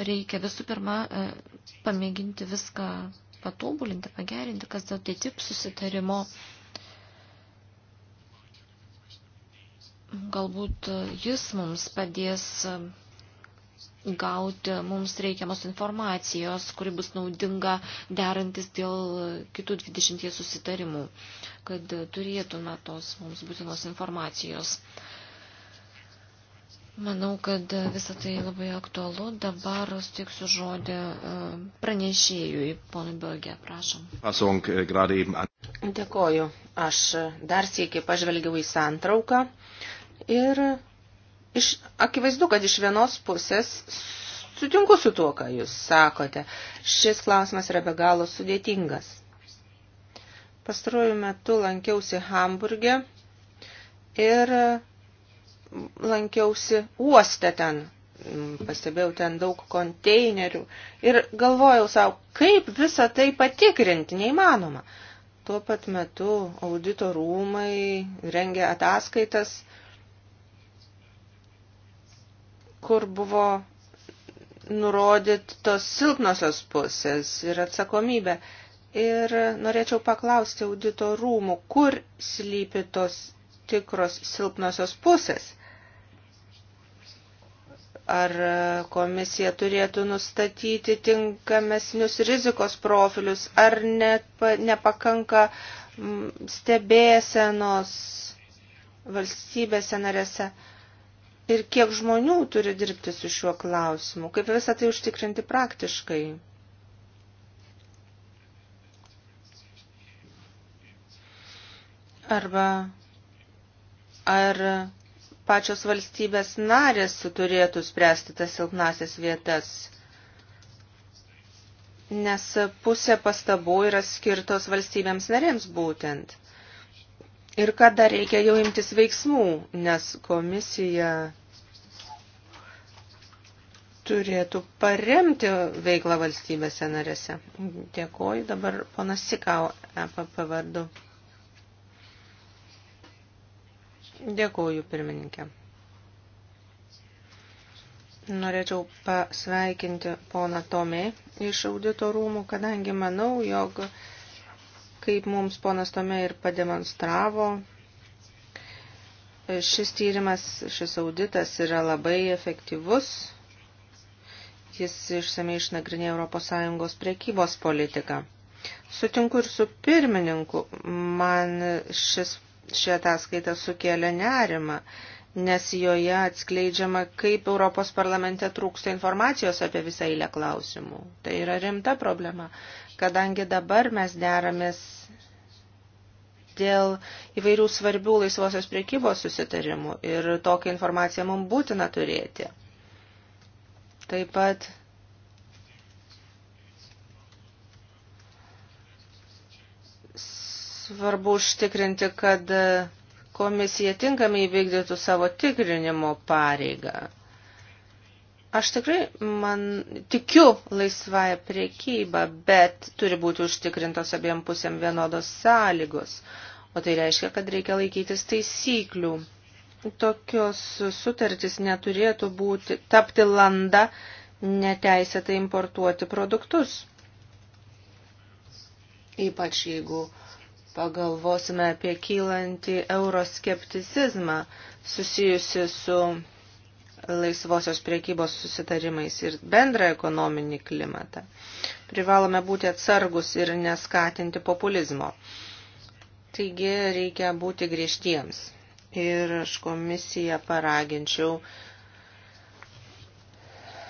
Reikia visų pirma e, pamėginti viską patobulinti, pagerinti, kas dėl TTIP susitarimo Galbūt e, jis mums padės e, gauti mums reikiamos informacijos, kuri bus naudinga derantis dėl e, kitų 20 susitarimų, kad turėtume tos mums būtinos informacijos. Manau, kad visą tai labai aktualu. Dabar stiksiu žodį pranešėjui, ponui Bögė, prašom. Dėkoju. Aš dar siekiai pažvelgiau į santrauką Ir iš, akivaizdu, kad iš vienos pusės sutinku su tuo, ką jūs sakote. Šis klausimas yra be galo sudėtingas. Pastaruoju metu lankiausi Hamburgė ir lankiausi uoste ten. Pastebėjau ten daug konteinerių ir galvojau savo, kaip visą tai patikrinti, neįmanoma. Tuo pat metu audito rūmai rengia ataskaitas kur buvo nurodytos silpnosios pusės ir atsakomybė. Ir norėčiau paklausti audito rūmų, kur slypi tos tikros silpnosios pusės. Ar komisija turėtų nustatyti tinkamesnius rizikos profilius, ar nepakanka stebėsenos valstybėse narėse ir kiek žmonių turi dirbti su šiuo klausimu, kaip visą tai užtikrinti praktiškai. Arba ar pačios valstybės narės turėtų spręsti tas silpnasias vietas, nes pusė pastabų yra skirtos valstybėms narėms būtent. Ir kada reikia jau imtis veiksmų, nes komisija turėtų paremti veiklą valstybėse narėse. Dėkoju dabar ponas Sikau EPP vardu. Dėkoju, pirmininkė. Norėčiau pasveikinti poną Tomė iš audito rūmų, kadangi manau, jog kaip mums ponas Tomė ir pademonstravo, šis tyrimas, šis auditas yra labai efektyvus Jis išsamei išnagrinė ES priekybos politiką. Sutinku ir su pirmininku, man šis, ši ataskaita sukėlė nerimą, nes joje atskleidžiama, kaip Europos parlamente trūksta informacijos apie visą eilę klausimų. Tai yra rimta problema, kadangi dabar mes deramės dėl įvairių svarbių laisvosios priekybos susitarimų ir tokią informaciją mums būtina turėti. Taip pat svarbu užtikrinti, kad komisija tinkamai įvykdytų savo tikrinimo pareigą. Aš tikrai man tikiu laisvąją priekybą, bet turi būti užtikrintos abiem pusėm vienodos sąlygos, o tai reiškia, kad reikia laikytis taisyklių tokios sutartys neturėtų būti, tapti landa neteisėtai importuoti produktus. Ypač jeigu pagalvosime apie kylanti euroskepticizmą susijusi su laisvosios priekybos susitarimais ir bendrą ekonominį klimatą. Privalome būti atsargus ir neskatinti populizmo. Taigi reikia būti griežtiems ir aš komisiją paraginčiau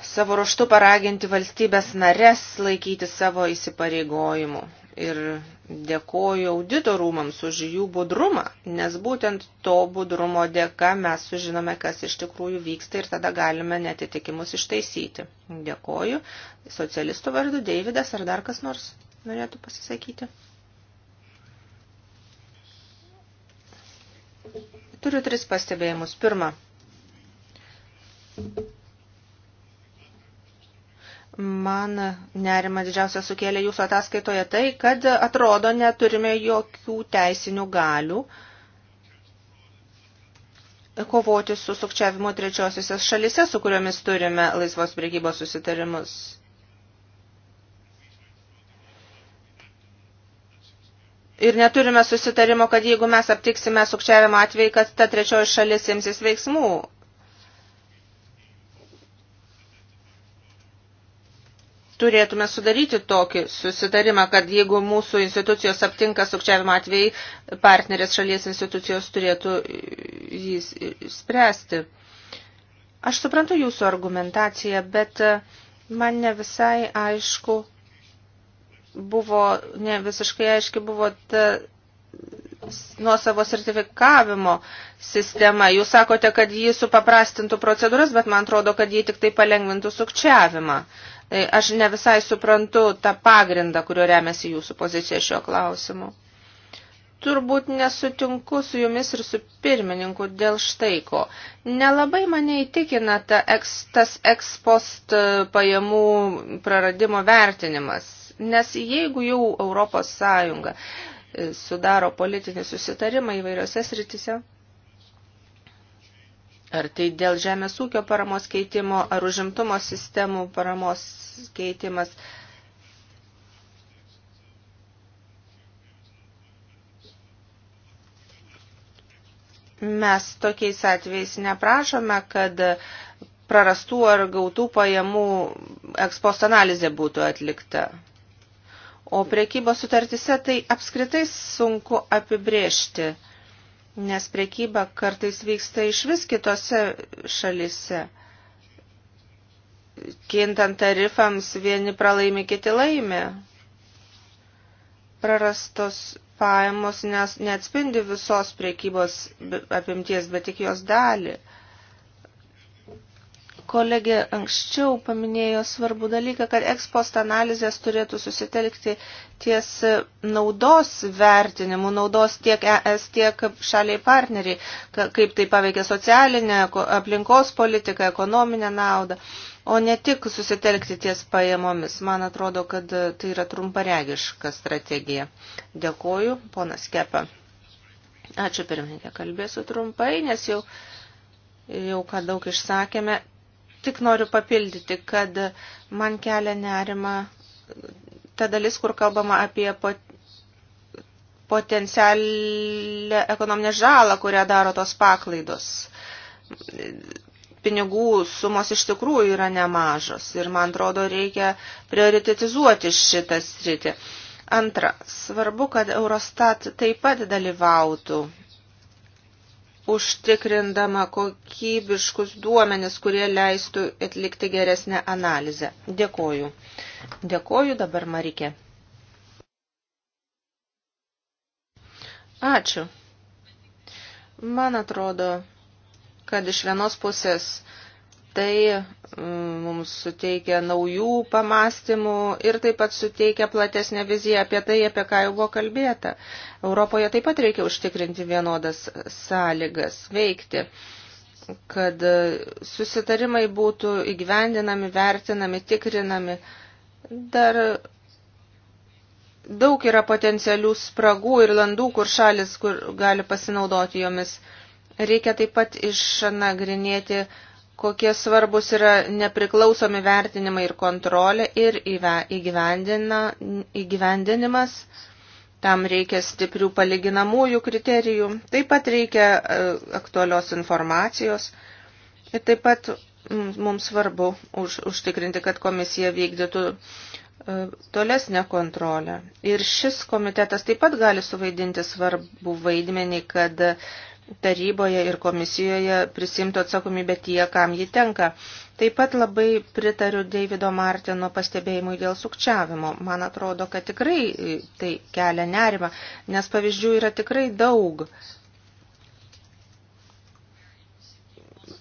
savo ruoštų paraginti valstybės nares laikyti savo įsipareigojimų. Ir dėkoju auditorumams už jų budrumą, nes būtent to budrumo dėka mes sužinome, kas iš tikrųjų vyksta ir tada galime netitikimus ištaisyti. Dėkoju. Socialistų vardu Deividas ar dar kas nors norėtų pasisakyti? Turiu tris pastebėjimus. Pirma. Man nerima didžiausia sukėlė jūsų ataskaitoje tai, kad atrodo neturime jokių teisinių galių kovoti su sukčiavimu trečiosiuose šalise, su kuriomis turime laisvos priekybos susitarimus. Ir neturime susitarimo, kad jeigu mes aptiksime sukčiavimo atvejį, kad ta trečioji šalis imsis veiksmų. Turėtume sudaryti tokį susitarimą, kad jeigu mūsų institucijos aptinka sukčiavimo atvejį, partnerės šalies institucijos turėtų jį spręsti. Aš suprantu jūsų argumentaciją, bet man ne visai aišku, buvo ne visiškai aiški buvo ta nuo savo sertifikavimo sistema. Jūs sakote, kad jį supaprastintų procedūras, bet man atrodo, kad jį tik tai palengvintų sukčiavimą. E, aš ne visai suprantu tą pagrindą, kurio remiasi jūsų pozicija šio klausimu. Turbūt nesutinku su jumis ir su pirmininku dėl štaiko. Nelabai mane įtikina ta, tas ekspost e, pajamų praradimo vertinimas Nes jeigu jau Europos Sąjunga e, sudaro politinį susitarimą įvairiose sritise, ar tai dėl žemės ūkio paramos keitimo, ar užimtumo sistemų paramos keitimas, mes tokiais atvejais neprašome, kad prarastų ar gautų pajamų ekspost analizė būtų atlikta. O priekybos sutartise tai apskritai sunku apibrėžti, nes priekyba kartais vyksta iš vis kitose šalise. Kintant tarifams vieni pralaimi, kiti laimi. Prarastos pajamos neatspindi visos priekybos apimties, bet tik jos dalį. Kolegė anksčiau paminėjo svarbų dalyką, kad ekspost analizės turėtų susitelkti ties naudos vertinimu, naudos tiek ES, tiek šaliai partneriai, kaip tai paveikia socialinę, aplinkos politiką, ekonominę naudą, o ne tik susitelkti ties pajamomis. Man atrodo, kad tai yra trumparegiška strategija. Dėkoju, ponas Kepa. Ačiū pirmininkė, kalbėsiu trumpai, nes jau jau ką daug išsakėme, tik noriu papildyti, kad man kelia nerima ta dalis, kur kalbama apie potencialią ekonominę žalą, kurią daro tos paklaidos. Pinigų sumos iš tikrųjų yra nemažos ir man atrodo reikia prioritetizuoti šitą sritį. Antra, svarbu, kad Eurostat taip pat dalyvautų užtikrindama kokybiškus duomenis, kurie leistų atlikti geresnę analizę. Dėkoju. Dėkoju dabar, Marikė. Ačiū. Man atrodo, kad iš vienos pusės Tai mm, mums suteikia naujų pamastymų ir taip pat suteikia platesnę viziją apie tai, apie ką jau buvo kalbėta. Europoje taip pat reikia užtikrinti vienodas sąlygas veikti, kad susitarimai būtų įgyvendinami, vertinami, tikrinami. Dar daug yra potencialių spragų ir landų, kur šalis kur gali pasinaudoti jomis. Reikia taip pat išnagrinėti kokie svarbus yra nepriklausomi vertinimai ir kontrolė ir įgyvendinimas. Tam reikia stiprių palyginamųjų kriterijų, taip pat reikia e, aktualios informacijos ir taip pat mums svarbu už, užtikrinti, kad komisija vykdytų e, tolesnę kontrolę. Ir šis komitetas taip pat gali suvaidinti svarbų vaidmenį, kad taryboje ir komisijoje prisimtų atsakomybę tie, kam ji tenka. Taip pat labai pritariu Davido Martino pastebėjimui dėl sukčiavimo. Man atrodo, kad tikrai e, tai kelia nerimą, nes pavyzdžių yra tikrai daug.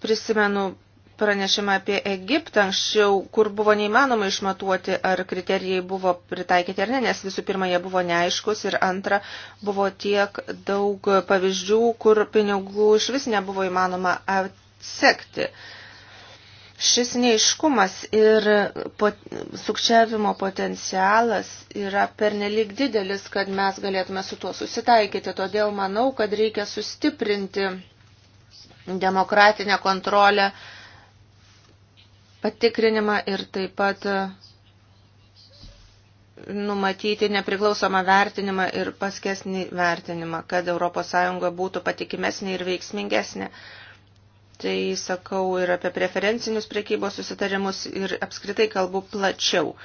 Prisimenu pranešimą apie Egiptą anksčiau, kur buvo neįmanoma išmatuoti, ar kriterijai buvo pritaikyti ar ne, nes visų pirma, jie buvo neaiškus ir antra, buvo tiek daug pavyzdžių, kur pinigų iš vis nebuvo įmanoma atsekti. Šis neiškumas ir pot, sukčiavimo potencialas yra pernelyg didelis, kad mes galėtume su tuo susitaikyti. Todėl manau, kad reikia sustiprinti demokratinę kontrolę uh, patikrinimą ir taip pat e, numatyti nepriklausomą vertinimą ir paskesnį vertinimą, kad ES būtų patikimesnė ir veiksmingesnė. Tai sakau ir apie preferencinius priekybos susitarimus ir apskritai kalbu plačiau.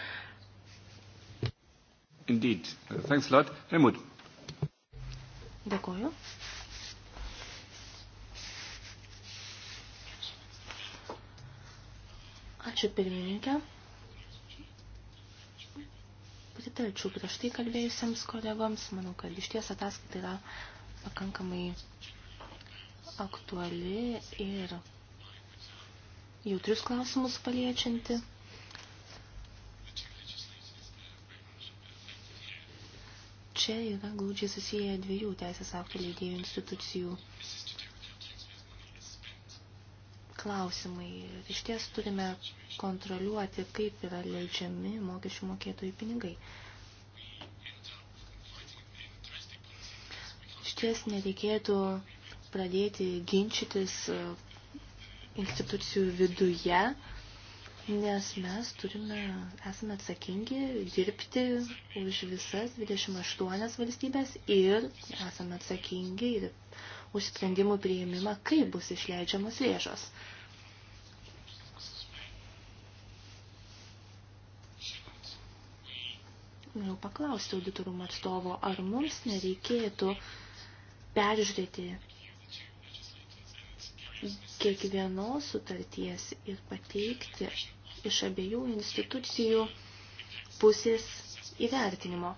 Indeed. Thanks a lot. Helmut. Dėkuoju. Ačiū pirmininkė. Pritarčiau prieš tai kalbėjusiems kolegoms. Manau, kad iš ties ataskaita yra pakankamai aktuali ir jautrius klausimus paliečianti. Čia yra glaudžiai susiję dviejų teisės aktų leidėjų institucijų klausimai. Iš ties turime kontroliuoti, kaip yra leidžiami mokesčių mokėtojų pinigai. Iš ties nereikėtų pradėti ginčytis e, institucijų viduje, nes mes turime, esame atsakingi dirbti už visas 28 valstybės ir esame atsakingi ir už sprendimų prieimimą, kaip bus išleidžiamos lėšos. norėjau paklausti auditorumo atstovo, ar mums nereikėtų peržiūrėti kiekvienos sutarties ir pateikti iš abiejų institucijų pusės įvertinimo.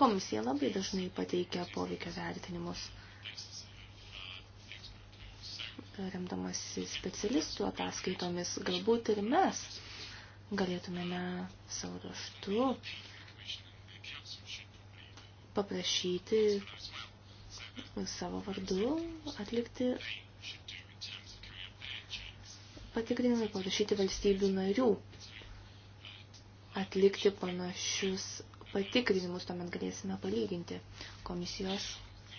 Komisija labai dažnai pateikia poveikio vertinimus, remdamasi specialistų ataskaitomis, galbūt ir mes galėtumėme savo raštu paprašyti savo vardu atlikti patikrinimai, paprašyti valstybių narių atlikti panašius patikrinimus, tuomet galėsime palyginti komisijos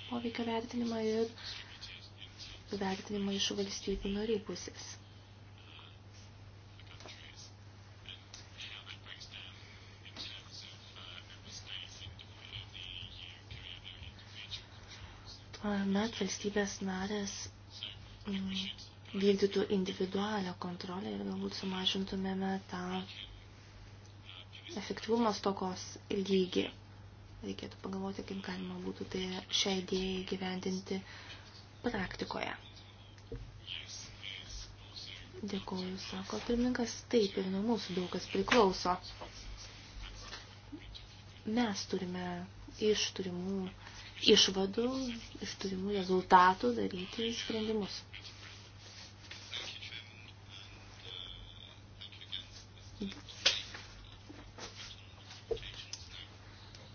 poveikio vertinimą ir vertinimą iš valstybių narių pusės. Met valstybės narės mm, vykdytų individualią kontrolę ir galbūt sumažintumėme tą efektyvumo stokos lygį. Reikėtų pagalvoti, kaip galima būtų tai šią idėją įgyvendinti praktikoje. Dėkuoju, sako pirmininkas, taip ir nuo mūsų daug kas priklauso. Mes turime iš turimų išvadų, iš turimų rezultatų daryti sprendimus.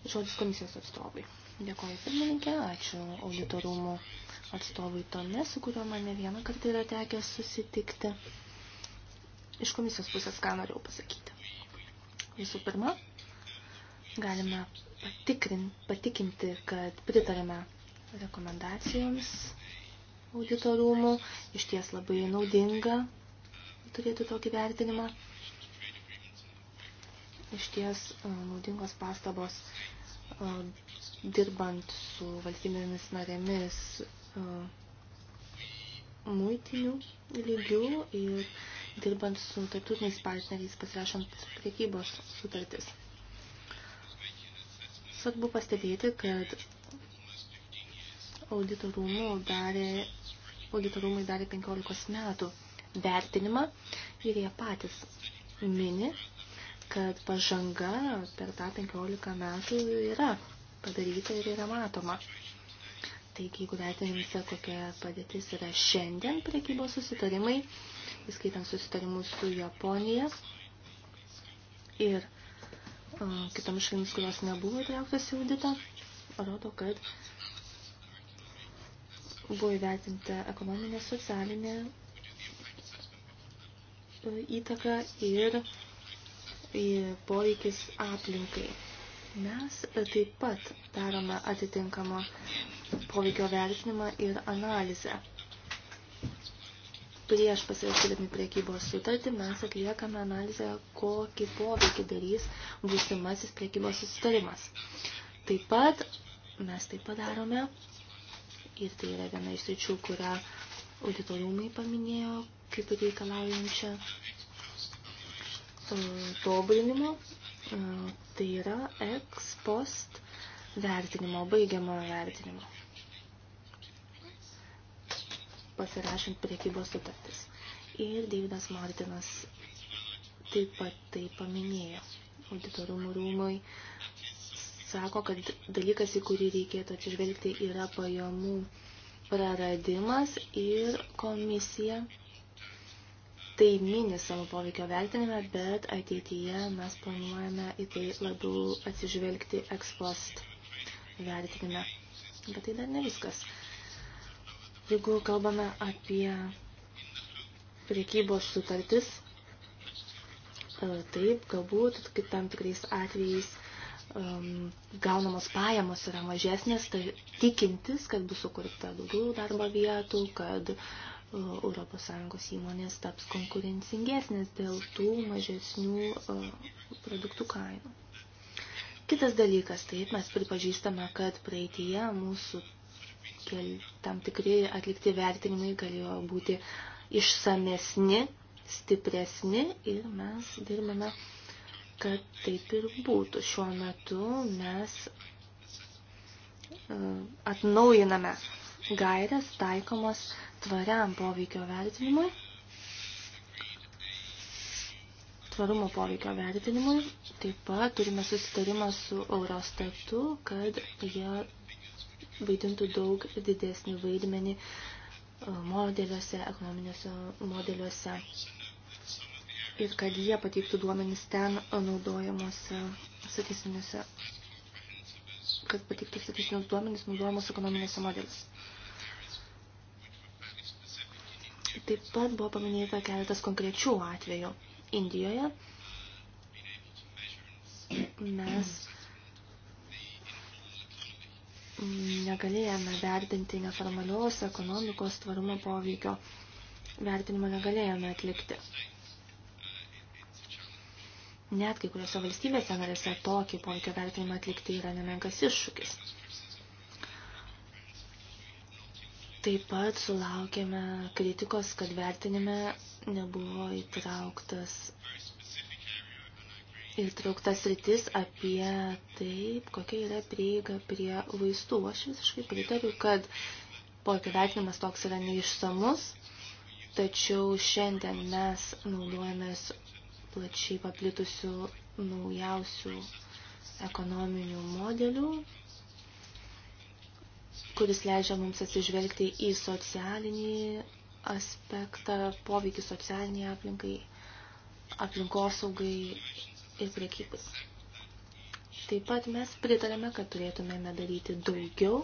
Žodis komisijos atstovai. Dėkoju pirmininkė, ačiū auditorumų atstovui Tome, su kuriuo mane vieną kartą yra tekę susitikti. Iš komisijos pusės ką norėjau pasakyti. Visų pirma, galime patikrin, patikinti, kad pritarime rekomendacijoms auditorumų. Iš ties labai naudinga turėti tokį vertinimą. Iš ties e, naudingos pastabos e, dirbant su valstybėmis narėmis e, muitinių lygių ir dirbant su tarptautiniais partneriais pasirašant prekybos sutartis. Svarbu pastebėti, kad auditorumų darė, auditorumai darė 15 metų vertinimą ir jie patys mini, kad pažanga per tą 15 metų yra padaryta ir yra matoma. Taigi, jeigu vertinimise, kokia padėtis yra šiandien prekybos susitarimai, įskaitant susitarimus su Japonija ir kitoms šalims, kurios nebuvo įtrauktas į auditą, rodo, kad buvo įvertinta ekonominė, socialinė įtaka ir poreikis aplinkai. Mes taip pat darome atitinkamą poveikio vertinimą ir analizę prieš pasirašydami priekybos sutartį mes atliekame analizę, kokį poveikį darys būsimasis priekybos susitarimas. Taip pat mes tai padarome ir tai yra viena iš sričių, kurią auditorumai paminėjo kaip reikalaujančią e, tobulinimo. E, tai yra ex post vertinimo, baigiamojo vertinimo pasirašant priekybos sutartis. Ir Davidas Martinas taip pat tai paminėjo. Auditorumų rūmai sako, kad dalykas, į kurį reikėtų atsižvelgti, yra pajamų praradimas ir komisija tai mini savo poveikio vertinime, bet ateityje mes planuojame į tai labiau atsižvelgti ekspost vertinime. Bet tai dar ne viskas. Jeigu kalbame apie priekybos sutartis, e, taip, galbūt kaip tam tikrais atvejais um, gaunamos pajamos yra mažesnės, tai tikintis, kad bus sukurta daugiau darbo vietų, kad uh, e, ES įmonės taps konkurencingesnės dėl tų mažesnių uh, produktų kainų. Kitas dalykas, taip, mes pripažįstame, kad praeitie mūsų tam tikri atlikti vertinimai galėjo būti išsamesni, stipresni ir mes dirbame, kad taip ir būtų. Šiuo metu mes e, atnaujiname gairias taikomas tvariam poveikio vertinimui, tvarumo poveikio vertinimui. Taip pat turime susitarimą su Eurostatu, kad jie vaidintų daug didesnį vaidmenį e, modeliuose, ekonominiuose modeliuose ir kad jie pateiktų duomenys ten e, naudojamuose statistiniuose, kad pateiktų statistinius duomenys naudojamos ekonominėse modeliuose. Taip pat buvo paminėta keletas konkrečių atvejų. Indijoje mes negalėjome vertinti neformalios ekonomikos tvarumo poveikio. Vertinimo negalėjome atlikti. Net kai kuriuose valstybėse narėse tokį poveikio vertinimą atlikti yra nemenkas iššūkis. Taip pat sulaukėme kritikos, kad vertinime nebuvo įtrauktas įtrauktas rytis apie taip, kokia yra prieiga prie vaistų. Aš visiškai pritariu, kad poveikio vertinimas toks yra neišsamus, tačiau šiandien mes naudojamės plačiai paplitusių naujausių ekonominių modelių, kuris leidžia mums atsižvelgti į socialinį aspektą, poveikį socialiniai aplinkai, aplinkosaugai ir prekybos. Taip pat mes pritarėme, kad turėtumėme daryti daugiau,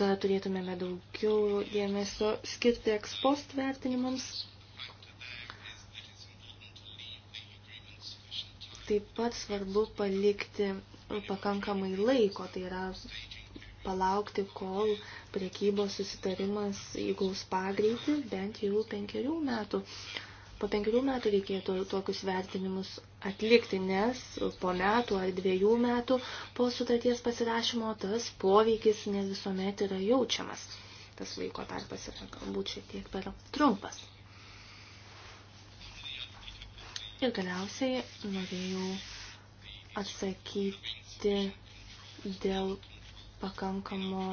kad turėtumėme daugiau dėmesio skirti ekspost vertinimams. Taip pat svarbu palikti pakankamai laiko, tai yra palaukti, kol priekybos susitarimas įgaus pagreitį bent jau penkerių metų Po penkerių metų reikėtų tokius vertinimus atlikti, nes po metų ar dviejų metų po sutarties pasirašymo tas poveikis ne visuomet yra jaučiamas. Tas laiko tarpas yra galbūt šiek tiek per trumpas. Ir galiausiai norėjau atsakyti dėl pakankamo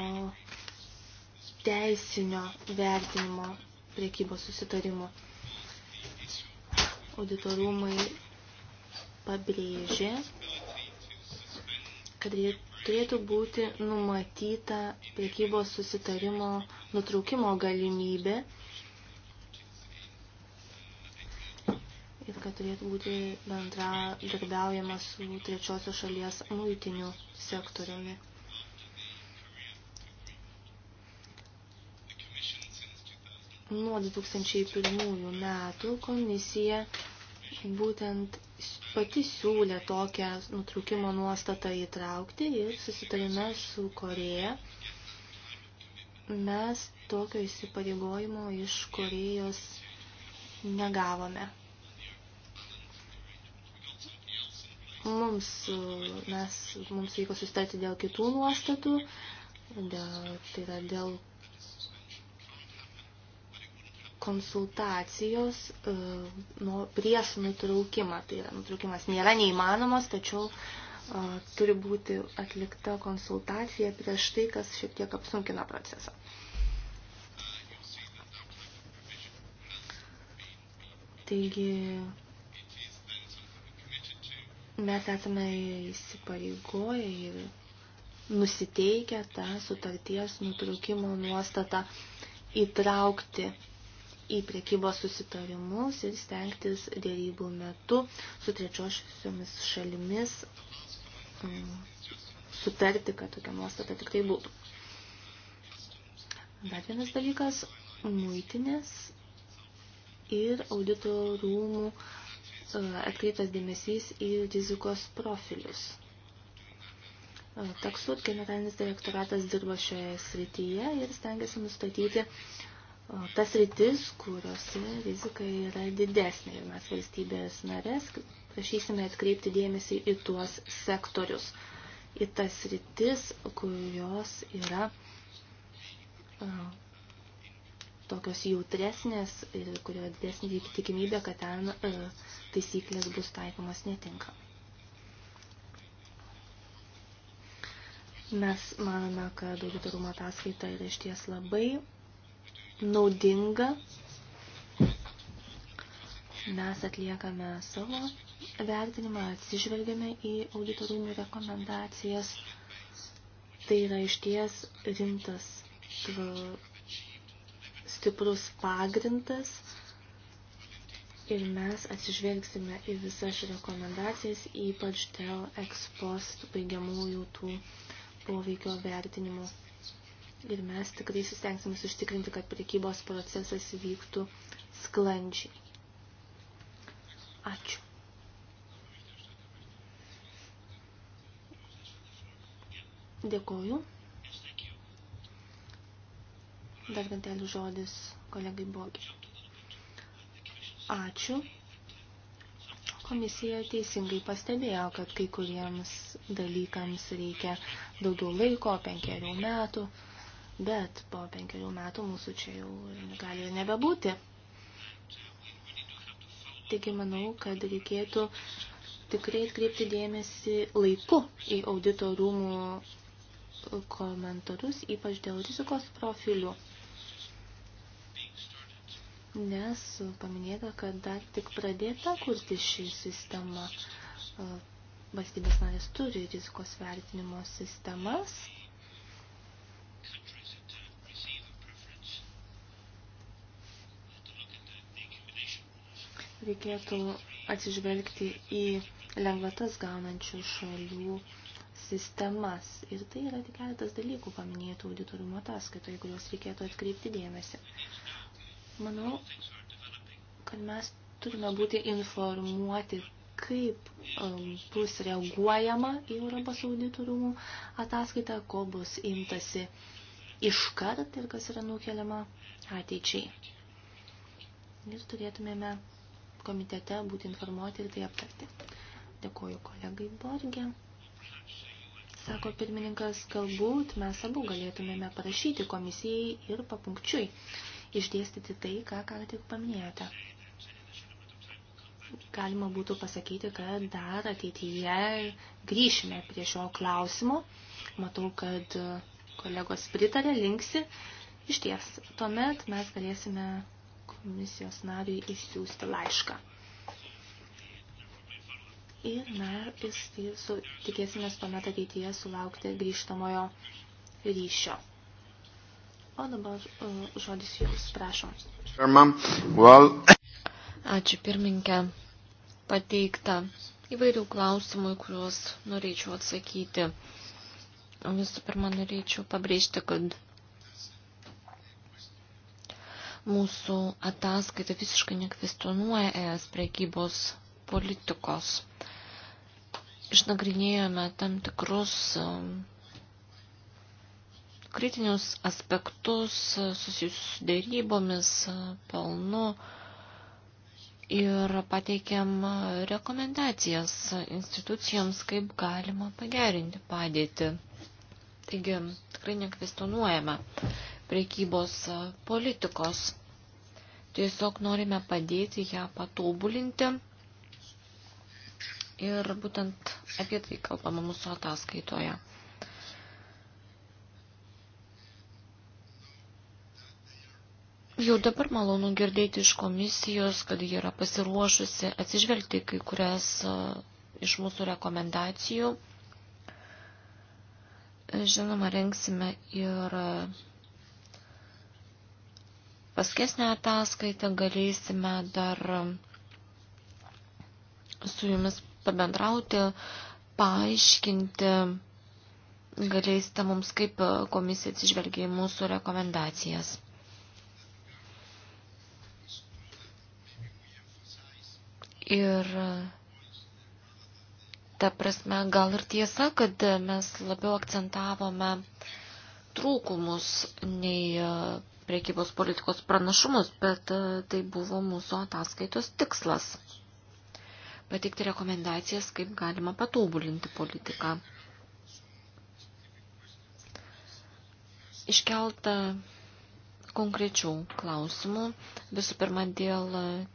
teisinio vertinimo priekybos susitarimų auditorumai pabrėžė, kad turėtų būti numatyta priekybos susitarimo nutraukimo galimybė ir kad turėtų būti bendra darbiaujama su trečiosios šalies muitiniu sektoriumi. Nuo 2001 metų komisija būtent pati siūlė tokią nutraukimo nuostatą įtraukti ir susitarime su Koreja mes tokio įsipareigojimo iš Korejos negavome. Mums, mes, mums reikia susitarti dėl kitų nuostatų, dėl, tai yra dėl konsultacijos nu, prieš nutraukimą. Tai yra, nutraukimas nėra neįmanomas, tačiau e, turi būti atlikta konsultacija prieš tai, kas šiek tiek apsunkina procesą. Taigi mes esame įsipareigoję ir nusiteikę tą sutarties nutraukimo nuostatą įtraukti į priekybos susitarimus ir stengtis dėrybų metu su trečiosiomis šalimis mm, sutarti, kad tokia nuostata tikrai būtų. Dar vienas dalykas – muitinės ir audito rūmų e, atkreiptas dėmesys į rizikos profilius. E, Taksut generalinis direktoratas dirba šioje srityje ir stengiasi nustatyti tas rytis, kuriuose rizika yra didesnė. Ir mes valstybės narės prašysime atkreipti dėmesį į tuos sektorius, į tas rytis, kurios yra uh, tokios jautresnės ir kurio didesnė tikimybė, kad ten uh, taisyklės bus taikomas netinkamai. Mes manome, kad auditorumo ataskaita yra išties labai naudinga. Mes atliekame savo vertinimą, atsižvelgiame į auditorumų rekomendacijas. Tai yra išties rimtas stiprus pagrindas ir mes atsižvelgsime į visas rekomendacijas, ypač dėl ekspost baigiamųjų tų poveikio vertinimų ir mes tikrai sustengsime užtikrinti, kad prekybos procesas vyktų sklandžiai. Ačiū. Dėkoju. Dar gantelį žodis kolegai Bogi. Ačiū. Komisija teisingai pastebėjo, kad kai kuriems dalykams reikia daugiau laiko, penkerių metų. Bet po penkerių metų mūsų čia jau gali ir nebebūti. Taigi manau, kad reikėtų tikrai atkreipti dėmesį laiku į audito rūmų komentarus, ypač dėl rizikos profilių. Nes paminėta, kad dar tik pradėta kurti šį sistemą. Valstybės narės turi rizikos vertinimo sistemas reikėtų atsižvelgti į lengvatas gaunančių šalių sistemas. Ir tai yra tik keletas dalykų paminėtų auditoriumo ataskaitoje, kuriuos reikėtų atkreipti dėmesį. Manau, kad mes turime būti informuoti, kaip um, bus reaguojama į Europos auditoriumų ataskaitą, ko bus imtasi iškart ir kas yra nukeliama ateičiai. Ir turėtumėme komitete būti informuoti ir tai aptarti. Dėkuoju kolegai Borgė. Sako pirmininkas, galbūt mes abu galėtumėme parašyti komisijai ir papunkčiui išdėstyti tai, ką ką tik paminėjote. Galima būtų pasakyti, kad dar ateityje grįšime prie šio klausimo. Matau, kad kolegos pritarė, linksi. Iš ties, tuomet mes galėsime komisijos nariui išsiųsti laišką. Ir, na, jis, su, tikėsimės tuomet ateityje sulaukti grįžtamojo ryšio. O dabar uh, žodis jums, prašom. Ačiū pirminkė. Pateikta įvairių klausimų, kuriuos norėčiau atsakyti. Visų pirma, norėčiau pabrėžti, kad Mūsų ataskaita visiškai nekvestionuoja ES prekybos politikos. Išnagrinėjome tam tikrus um, kritinius aspektus susijusius su dėrybomis, pelnu ir pateikėm rekomendacijas institucijoms, kaip galima pagerinti padėtį. Taigi tikrai nekvestionuojame priekybos politikos. Tiesiog norime padėti ją patobulinti. Ir būtent apie tai kalbama mūsų ataskaitoje. Jau dabar malonu girdėti iš komisijos, kad ji yra pasiruošusi atsižvelgti kai kurias iš mūsų rekomendacijų. Žinoma, rengsime ir paskesnę ataskaitą galėsime dar su jumis pabendrauti, paaiškinti, galėsite mums, kaip komisija atsižvelgia į mūsų rekomendacijas. Ir ta prasme, gal ir tiesa, kad mes labiau akcentavome trūkumus nei priekybos politikos pranašumus, bet e, tai buvo mūsų ataskaitos tikslas – pateikti rekomendacijas, kaip galima patobulinti politiką. Iškelta konkrečių klausimų, visų pirma dėl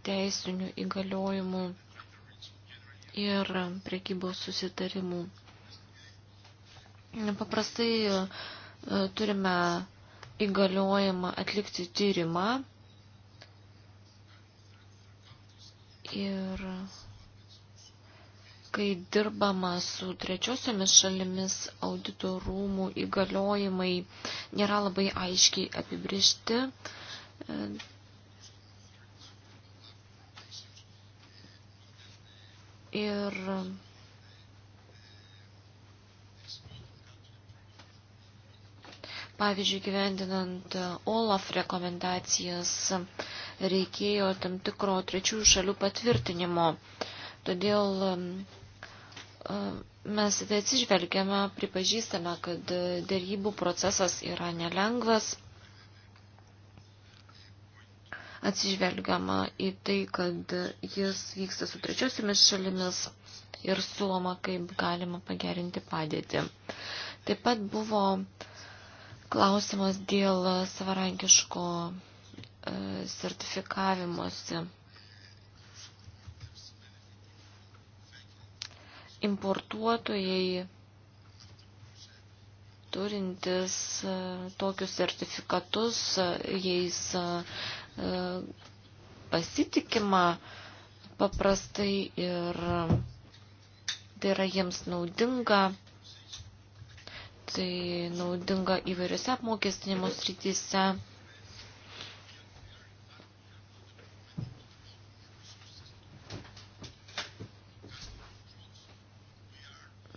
teisinių įgaliojimų ir priekybos susitarimų. Paprastai e, turime įgaliojimą atlikti tyrimą ir kai dirbama su trečiosiomis šalimis, audito rūmų įgaliojimai nėra labai aiškiai apibrišti. Ir Pavyzdžiui, gyvendinant e, OLAF rekomendacijas reikėjo tam tikro trečių šalių patvirtinimo. Todėl e, e, mes tai atsižvelgiame, pripažįstame, kad dėrybų procesas yra nelengvas. Atsižvelgiama į tai, kad jis vyksta su trečiosiomis šalimis ir siūloma, kaip galima pagerinti padėtį. Taip pat buvo uh, Klausimas dėl savarankiško e, sertifikavimuose. Importuotojai turintis e, tokius sertifikatus, e, jais pasitikima paprastai ir tai yra jiems naudinga tai naudinga įvairiose apmokestinimo srityse.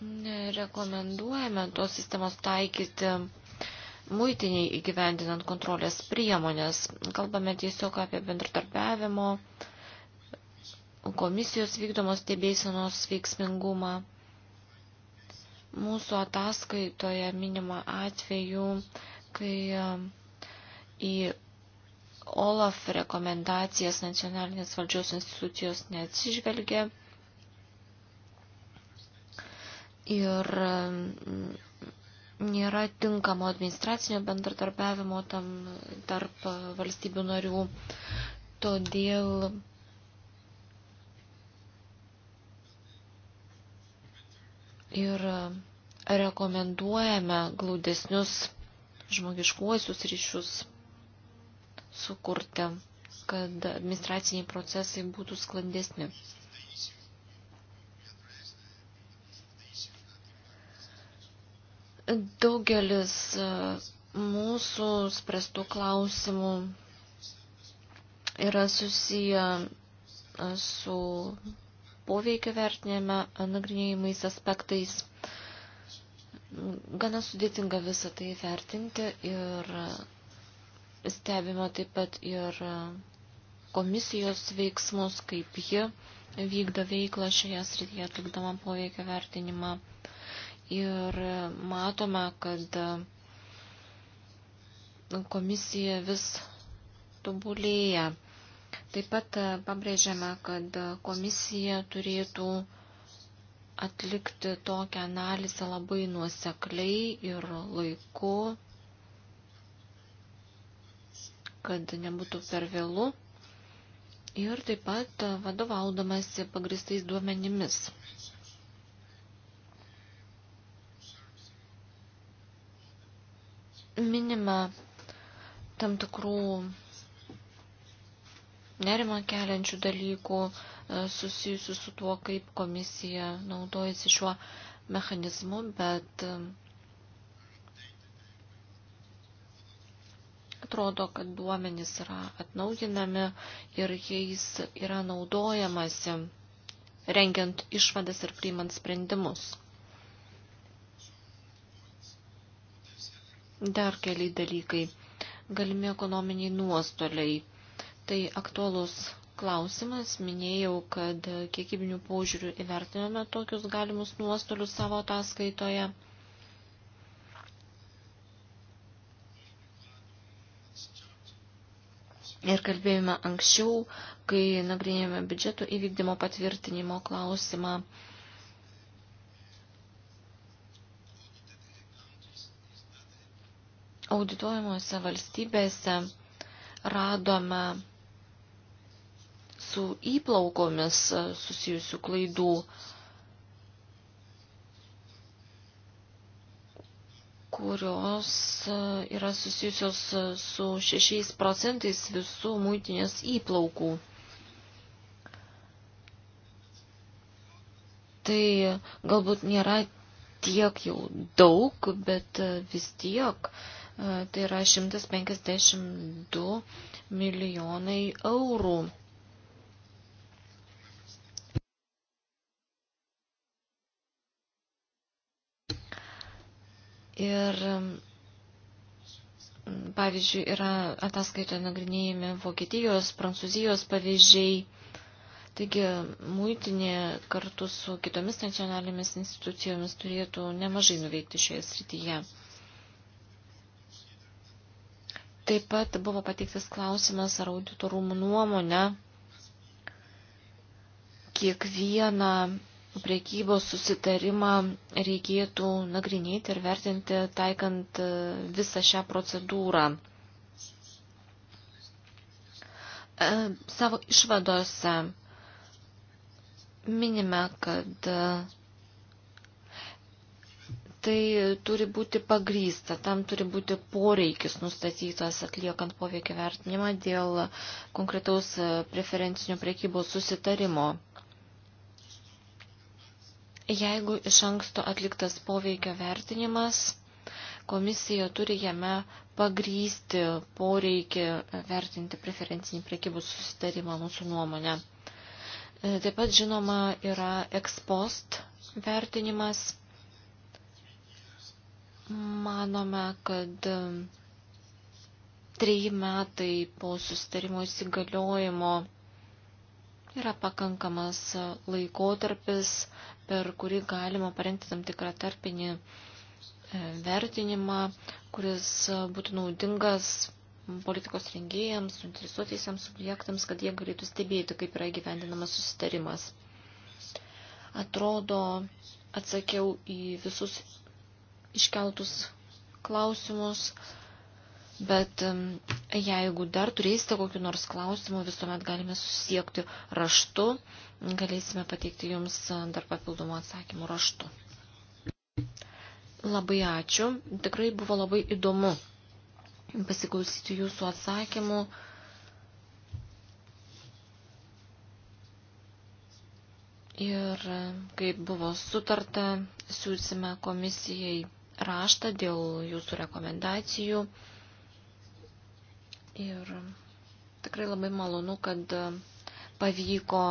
Nerekomenduojame tos sistemos taikyti muitiniai įgyvendinant kontrolės priemonės. Kalbame tiesiog apie bendradarbiavimo, komisijos vykdomos stebėsenos veiksmingumą. Mūsų ataskaitoje minima atveju, kai e, į OLAF rekomendacijas nacionalinės valdžios institucijos neatsižvelgia ir mm, nėra tinkamo administracinio bendradarbiavimo tam tarp valstybių narių. Todėl ir rekomenduojame glaudesnius žmogiškuosius ryšius sukurti, kad administraciniai procesai būtų sklandesni. Daugelis e, mūsų spręstų klausimų yra susiję e, su poveikio vertinėme nagrinėjimais aspektais. Gana sudėtinga visą tai vertinti ir stebime taip pat ir komisijos veiksmus, kaip ji vykdo veiklą šioje srityje atlikdama poveikio vertinimą. Ir matome, kad komisija vis tobulėja. Taip pat pabrėžiame, kad komisija turėtų atlikti tokią analizę labai nuosekliai ir laiku, kad nebūtų per vėlų ir taip pat vadovaudamasi pagristais duomenimis. Minima tam tikrų nerimą keliančių dalykų, susijusių su tuo, kaip komisija naudojasi šiuo mechanizmu, bet um, atrodo, kad duomenys yra atnaujinami ir jais yra naudojamasi, rengiant išvadas ir priimant sprendimus. Dar keli dalykai. Galimi ekonominiai nuostoliai. Tai aktuolus klausimas. Minėjau, kad kiekybinių požiūrių įvertinome tokius galimus nuostolius savo ataskaitoje. Ir kalbėjome anksčiau, kai nagrinėjome biudžeto įvykdymo patvirtinimo klausimą. Audituojamuose valstybėse radome su įplaukomis e, susijusių klaidų. kurios e, yra susijusios e, su 6 procentais visų muitinės įplaukų. Tai galbūt nėra tiek jau daug, bet vis tiek tai yra 152 milijonai eurų. Ir mm, pavyzdžiui, yra ataskaitoje nagrinėjami Vokietijos, Prancūzijos pavyzdžiai. Taigi, muitinė kartu su kitomis nacionalinėmis institucijomis turėtų nemažai nuveikti šioje srityje. Taip pat buvo pateiktas klausimas ar auditorumų nuomonę kiekvieną priekybos susitarimą reikėtų nagrinėti ir vertinti taikant e, visą šią procedūrą. E, savo išvadose minime, kad e, tai turi būti pagrysta, tam turi būti poreikis nustatytas atliekant poveikį vertinimą dėl konkretaus preferencinio priekybos susitarimo. Jeigu iš anksto atliktas poveikio vertinimas, komisija turi jame pagrysti poreikį vertinti preferencinį prekybos susitarimą mūsų nuomonę. E, taip pat žinoma yra ekspost vertinimas. Manome, kad treji metai po susitarimo įsigaliojimo yra pakankamas laikotarpis per kurį galima parengti tam tikrą tarpinį e, vertinimą, kuris būtų naudingas politikos rengėjams, suinteresuotėsiams subjektams, kad jie galėtų stebėti, kaip yra gyvendinamas susitarimas. Atrodo, atsakiau į visus iškeltus klausimus. Bet jeigu dar turėsite kokiu nors klausimu, visuomet galime susisiekti raštu, galėsime pateikti jums e, dar papildomų atsakymų raštu. Labai ačiū, tikrai buvo labai įdomu pasiklausyti jūsų atsakymų. Ir e, kaip buvo sutarta, siūsime komisijai raštą dėl jūsų rekomendacijų. Ir tikrai labai malonu, kad e, pavyko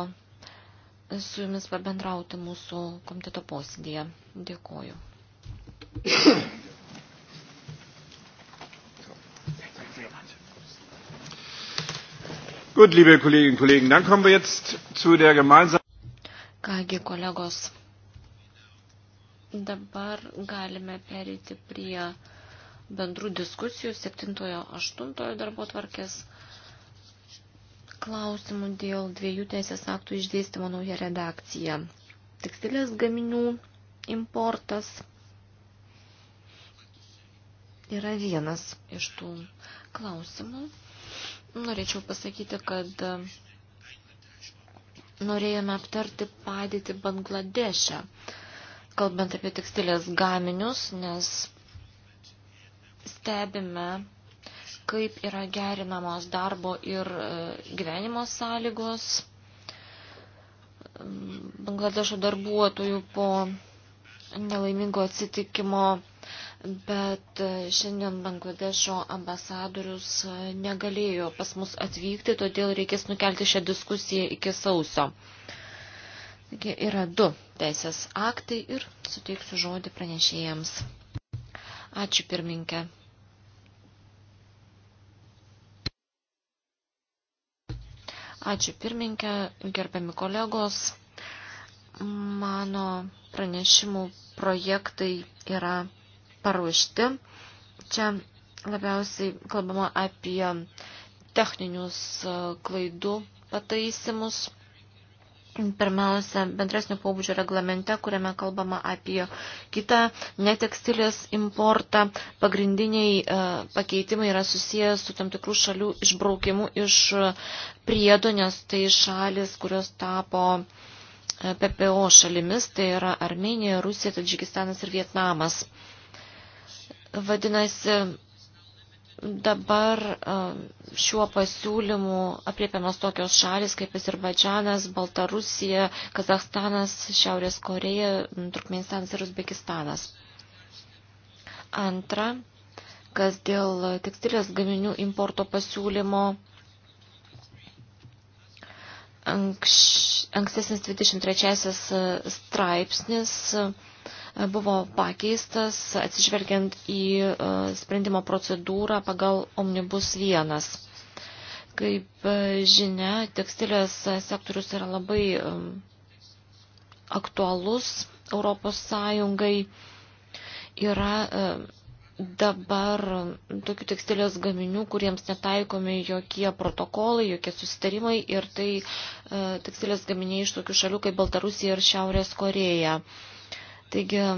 su jumis pabendrauti mūsų komiteto posėdėje. Dėkoju. Gut, liebe Kolleginnen und Kollegen, dann kommen wir jetzt zu der gemeinsamen. Kągi, kolegos, dabar galime perėti prie bendrų diskusijų 7-8 darbo tvarkės klausimų dėl dviejų teisės aktų išdėstymo nauja redakcija. Tekstilės gaminių importas yra vienas iš tų klausimų. Norėčiau pasakyti, kad norėjome aptarti padėtį Bangladeše, kalbant apie tekstilės gaminius, nes stebime, kaip yra gerinamos darbo ir e, gyvenimo sąlygos Bangladešo darbuotojų po nelaimingo atsitikimo, bet e, šiandien Bangladešo ambasadorius e, negalėjo pas mus atvykti, todėl reikės nukelti šią diskusiją iki sausio. Taigi yra du teisės aktai ir suteiksiu žodį pranešėjams. Ačiū pirminkė. Ačiū pirminkė, gerbiami kolegos. Mano pranešimų projektai yra paruošti. Čia labiausiai kalbama apie techninius klaidų pataisimus. Pirmiausia, bendresnio pobūdžio reglamente, kuriame kalbama apie kitą netekstilės importą, pagrindiniai e, pakeitimai yra susijęs su tam tikrų šalių išbraukimu iš priedo, nes tai šalis, kurios tapo e, PPO šalimis, tai yra Armenija, Rusija, Tadžikistanas ir Vietnamas. Vadinasi, Dabar šiuo pasiūlymu apriepiamas tokios šalis kaip Azerbaidžanas, Baltarusija, Kazahstanas, Šiaurės Koreja, Turkmenistanas ir Uzbekistanas. Antra, kas dėl tekstilės gaminių importo pasiūlymo ankstesnis 23 straipsnis buvo pakeistas atsižvelgiant į e, sprendimo procedūrą pagal Omnibus 1. Kaip e, žinia, tekstilės sektorius yra labai e, aktualus Europos Sąjungai. Yra dabar tokių tekstilės gaminių, kuriems netaikomi jokie protokolai, jokie susitarimai ir tai tekstilės gaminiai iš tokių šalių kaip Baltarusija ir Šiaurės Koreja. E, Taigi e,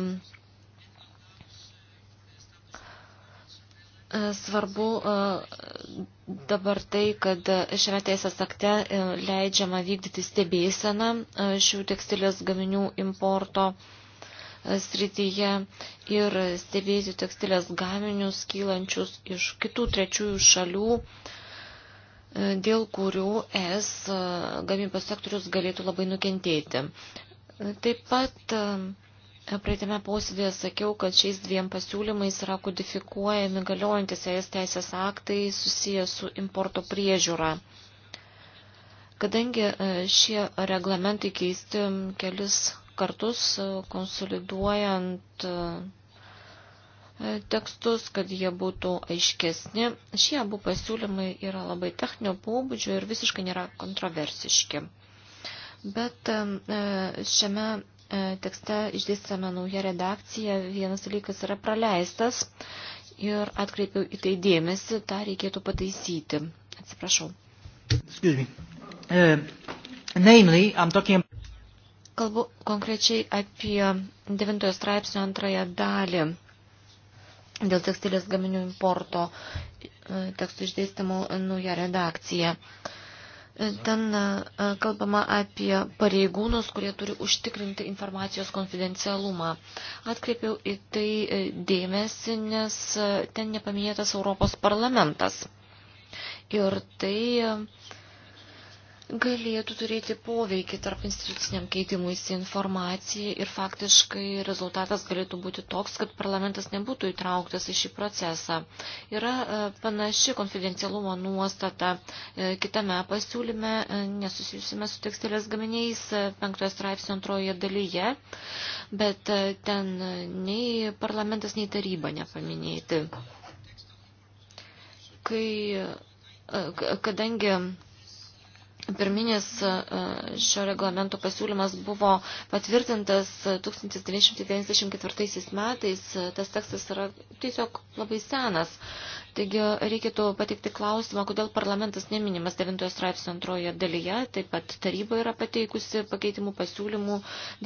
svarbu e, dabar tai, kad šiame teisės akte e, leidžiama vykdyti stebėseną šių tekstilės gaminių importo srityje ir stebėti tekstilės gaminius kylančius iš kitų trečiųjų šalių, dėl kurių es gamybos sektorius galėtų labai nukentėti. Taip pat Praeitame posėdėje sakiau, kad šiais dviem pasiūlymais yra kodifikuojami galiojantis ES teisės aktai susijęs su importo priežiūra. Kadangi e, šie reglamentai keisti kelis kartus e, konsoliduojant e, tekstus, kad jie būtų aiškesni, šie abu pasiūlymai yra labai techninio pobūdžio ir visiškai nėra kontroversiški. Bet šiame E, tekste išdėstame naują redakciją. Vienas dalykas yra praleistas ir atkreipiau į tai dėmesį, tą reikėtų pataisyti. Atsiprašau. Uh, namely, I'm talking... Kalbu konkrečiai apie 9 straipsnio antrąją dalį dėl tekstilės gaminių importo e, tekstų išdėstymų nauja redakcija. Uh, Ten e, e, kalbama apie pareigūnus, kurie turi užtikrinti informacijos konfidencialumą. Atkreipiau į tai e, dėmesį, nes ten nepaminėtas Europos parlamentas. Ir tai galėtų turėti poveikį tarp instituciniam keitimuisi informacijai ir faktiškai rezultatas galėtų būti toks, kad parlamentas nebūtų įtrauktas į šį procesą. Yra e, panaši konfidencialumo nuostata e, kitame pasiūlyme, e, nesusijusime su tekstilės gaminiais, penktojo straipsnio antroje dalyje, bet ten nei parlamentas, nei taryba nepaminėti. Kai, kadangi Pirminis e, šio reglamento pasiūlymas buvo patvirtintas 1994 metais. E, tas tekstas yra tiesiog labai senas. Taigi reikėtų pateikti klausimą, kodėl parlamentas neminimas 9 straipsnio antroje dalyje. Taip pat taryba yra pateikusi pakeitimų pasiūlymų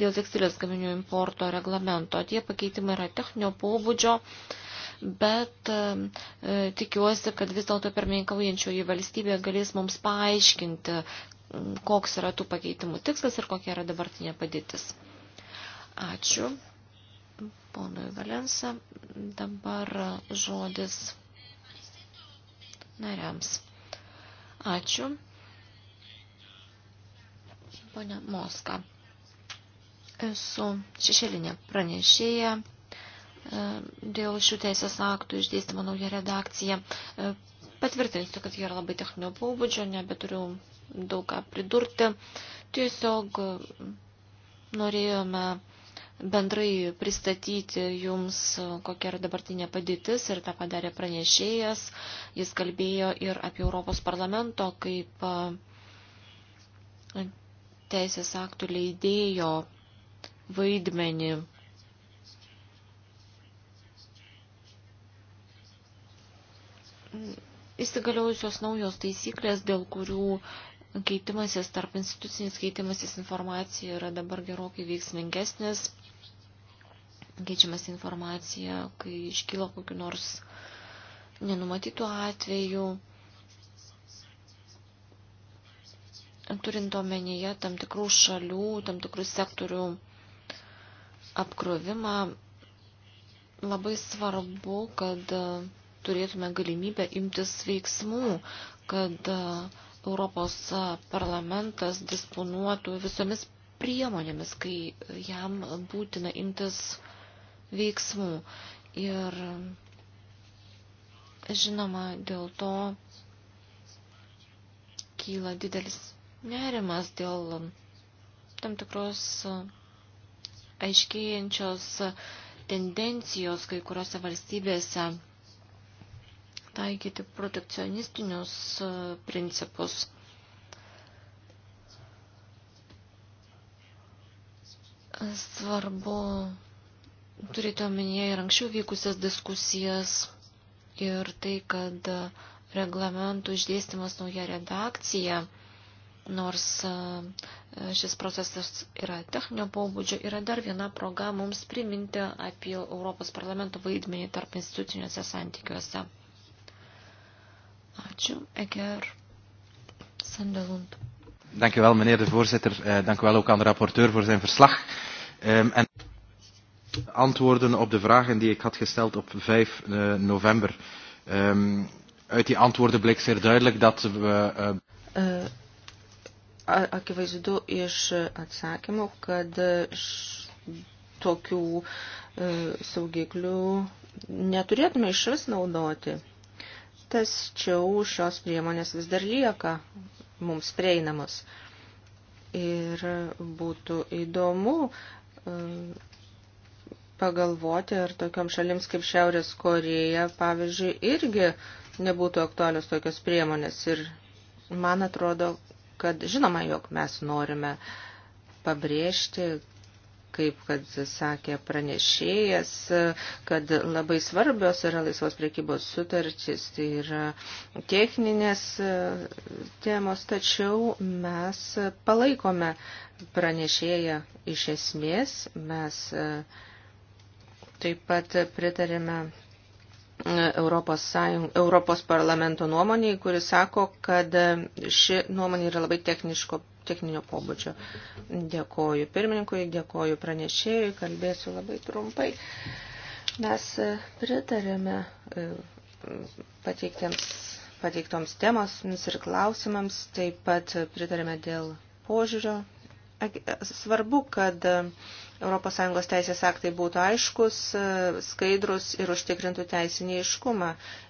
dėl tekstilės gaminių importo reglamento. Tie pakeitimai yra techninio pobūdžio. Uh, bet e, tikiuosi, kad vis dėlto pirmininkaujančioji valstybė galės mums paaiškinti, koks yra tų pakeitimų tikslas ir kokia yra dabartinė padėtis. Ačiū. Ponui Valensa, dabar žodis nariams. Ačiū. Pone Moska, esu šešėlinė pranešėja E, dėl šių teisės aktų išdėstymo nauja redakcija. E, patvirtinsiu, kad jie yra labai techninio pobūdžio, nebeturiu daug ką pridurti. Tiesiog e, norėjome bendrai pristatyti jums, kokia yra dabartinė padėtis ir tą padarė pranešėjas. Jis kalbėjo ir apie Europos parlamento kaip teisės aktų leidėjo vaidmenį Įsigaliojusios naujos taisyklės, dėl kurių keitimasis tarp institucinis keitimasis informacija yra dabar gerokai veiksmingesnis. Keičiamas informacija, kai iškyla kokiu nors nenumatytų atvejų. turint omenyje tam tikrų šalių, tam tikrų sektorių apkrovimą, labai svarbu, kad turėtume galimybę imtis veiksmų, kad e, Europos e, parlamentas disponuotų visomis priemonėmis, kai jam būtina imtis veiksmų. Ir žinoma, dėl to kyla didelis nerimas dėl tam tikros e, aiškėjančios tendencijos kai kuriuose valstybėse taikyti protekcionistinius e, principus. Svarbu turite omenyje ir anksčiau vykusias diskusijas ir tai, kad reglamentų išdėstymas nauja redakcija, nors e, šis procesas yra techninio pobūdžio, yra dar viena proga mums priminti apie Europos parlamento vaidmenį tarp instituciniuose santykiuose. Ačiū, Eger Sandelund. Dank u wel, meneer de voorzitter. Uh, dank u wel ook aan de rapporteur voor zijn verslag. Um, en antwoorden op de vragen die ik had gesteld op 5 uh, eh, november. Um, uit die antwoorden bleek zeer duidelijk dat we. Uh... Uh, akivaizdu iš atsakymų, kad š, tokių e, uh, saugiklių neturėtume iš vis naudoti tačiau šios priemonės vis dar lieka mums prieinamos. Ir būtų įdomu e, pagalvoti, ar tokiam šalims kaip Šiaurės Koreja, pavyzdžiui, irgi nebūtų aktualios tokios priemonės. Ir man atrodo, kad žinoma, jog mes norime pabrėžti, kaip kad sakė pranešėjas, kad labai svarbios yra laisvos priekybos sutartys, tai yra techninės e, temos, tačiau mes palaikome pranešėją iš esmės, mes e, taip pat pritarėme e, Europos, Sąjung, Europos parlamento nuomoniai, kuris sako, kad ši nuomonė yra labai techniško techninio pobūdžio. Dėkoju pirmininkui, dėkoju pranešėjui, kalbėsiu labai trumpai. Mes e, pritarėme e, pateiktiems, pateiktoms temos ir klausimams, taip pat pritarėme dėl požiūrio. E, svarbu, kad ES teisės aktai būtų aiškus, skaidrus ir užtikrintų teisinį iškumą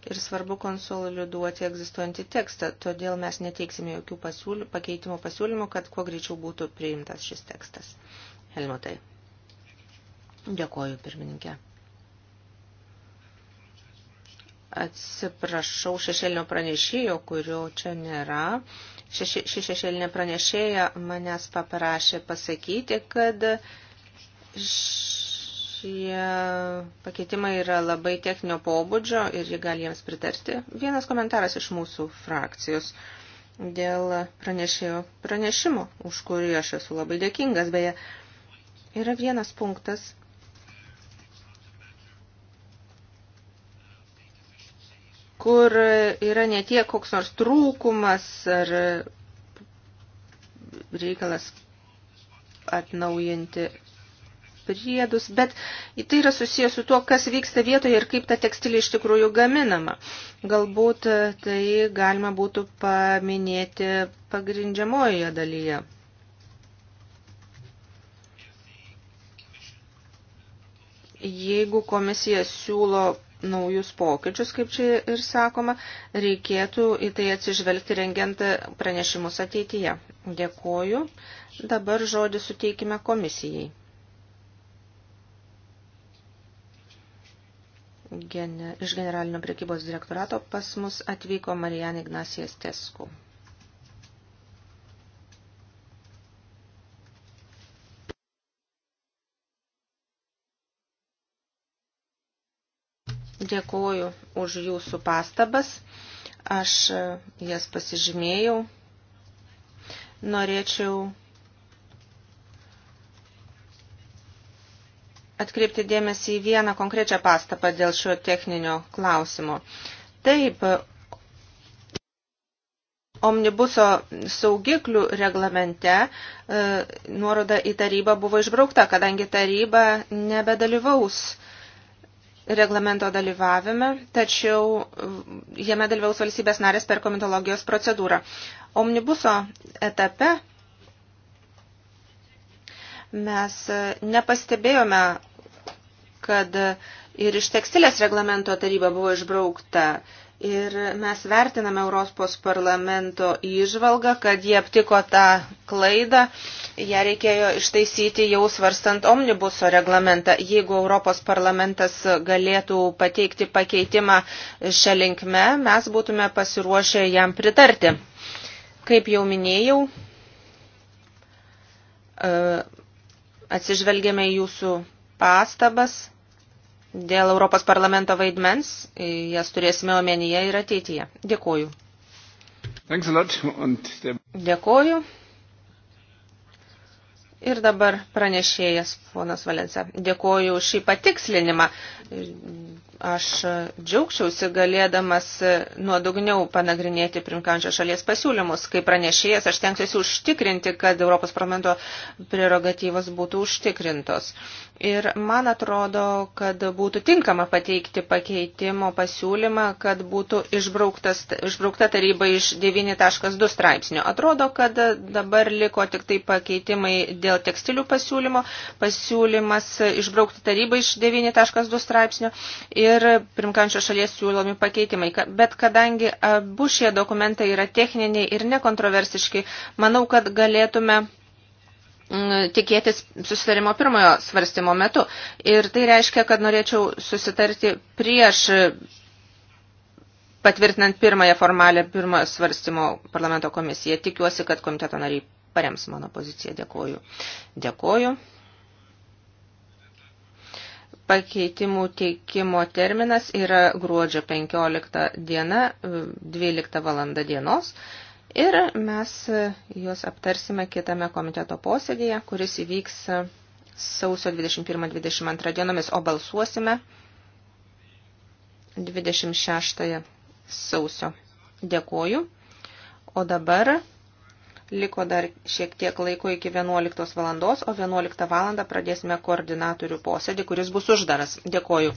ir svarbu konsoliduoti egzistuojantį tekstą, todėl mes neteiksime jokių pasiūly, pakeitimų pasiūlymų, kad kuo greičiau būtų priimtas šis tekstas. Helmutai. Dėkoju, pirmininkė. Atsiprašau šešėlinio pranešėjo, kurio čia nėra. Šeši, ši šešėlinė pranešėja manęs paprašė pasakyti, kad uh, Šie pakeitimai yra labai techninio pobūdžio ir jie gali jiems pritarti. Vienas komentaras iš mūsų frakcijos dėl pranešėjo pranešimo, už kurį aš esu labai dėkingas. Beje, yra vienas punktas, kur yra ne tiek koks nors trūkumas ar reikalas atnaujinti priedus, bet tai yra susijęs su tuo, kas vyksta vietoje ir kaip ta tekstilė iš tikrųjų gaminama. Galbūt e, tai galima būtų paminėti pagrindžiamojoje dalyje. Jeigu komisija siūlo naujus pokyčius, kaip čia ir sakoma, reikėtų į tai atsižvelgti rengiant pranešimus ateityje. Dėkuoju. Dabar žodį suteikime komisijai. gene, iš generalinio priekybos direktorato pas mus atvyko Marijan Ignacijas Tesku. Dėkuoju už jūsų pastabas. Aš jas pasižymėjau. Norėčiau atkreipti dėmesį į vieną konkrečią pastabą dėl šio techninio klausimo. Taip, omnibuso saugiklių reglamente e, nuoroda į tarybą buvo išbraukta, kadangi taryba nebedalyvaus reglamento dalyvavime, tačiau e, jame dalyvaus valstybės narės per komitologijos procedūrą. Omnibuso etape Mes e, nepastebėjome, kad ir iš tekstilės reglamento taryba buvo išbraukta. Ir mes vertiname Europos parlamento įžvalgą, kad jie aptiko tą klaidą, ją reikėjo ištaisyti jau svarstant omnibuso reglamentą. Jeigu Europos parlamentas galėtų pateikti pakeitimą šią linkme, mes būtume pasiruošę jam pritarti. Kaip jau minėjau, e, atsižvelgėme į jūsų pastabas dėl Europos parlamento vaidmens, jas turėsime omenyje ir ateityje. Dėkoju. Dėkoju. Ir dabar pranešėjas, ponas Valensa, dėkoju už šį patikslinimą. Aš džiaugčiausi galėdamas nuodugniau panagrinėti primkančios šalies pasiūlymus. Kaip pranešėjas, aš tenksiuosi užtikrinti, kad Europos parlamento prerogatyvos būtų užtikrintos. Ir man atrodo, kad būtų tinkama pateikti pakeitimo pasiūlymą, kad būtų išbraukta taryba iš 9.2 straipsnio. Atrodo, kad dabar liko tik tai pakeitimai dėl dėl tekstilių pasiūlymo, pasiūlymas išbraukti tarybą iš 9.2 straipsnio ir primkančio šalies siūlomi pakeitimai. Bet kadangi abu šie dokumentai yra techniniai ir nekontroversiški, manau, kad galėtume mm, tikėtis susitarimo pirmojo svarstymo metu. Ir tai reiškia, kad norėčiau susitarti prieš patvirtinant pirmąją formalę pirmojo svarstymo parlamento komisiją. Tikiuosi, kad komiteto nariai parems mano poziciją. Dėkoju. Dėkoju. Pakeitimų teikimo terminas yra gruodžio 15 diena, 12 valanda dienos. Ir mes juos aptarsime kitame komiteto posėdėje, kuris įvyks sausio 21-22 dienomis, o balsuosime 26 sausio. Dėkoju. O dabar Liko dar šiek tiek laiko iki 11 valandos, o 11 valandą pradėsime koordinatorių posėdį, kuris bus uždaras. Dėkoju.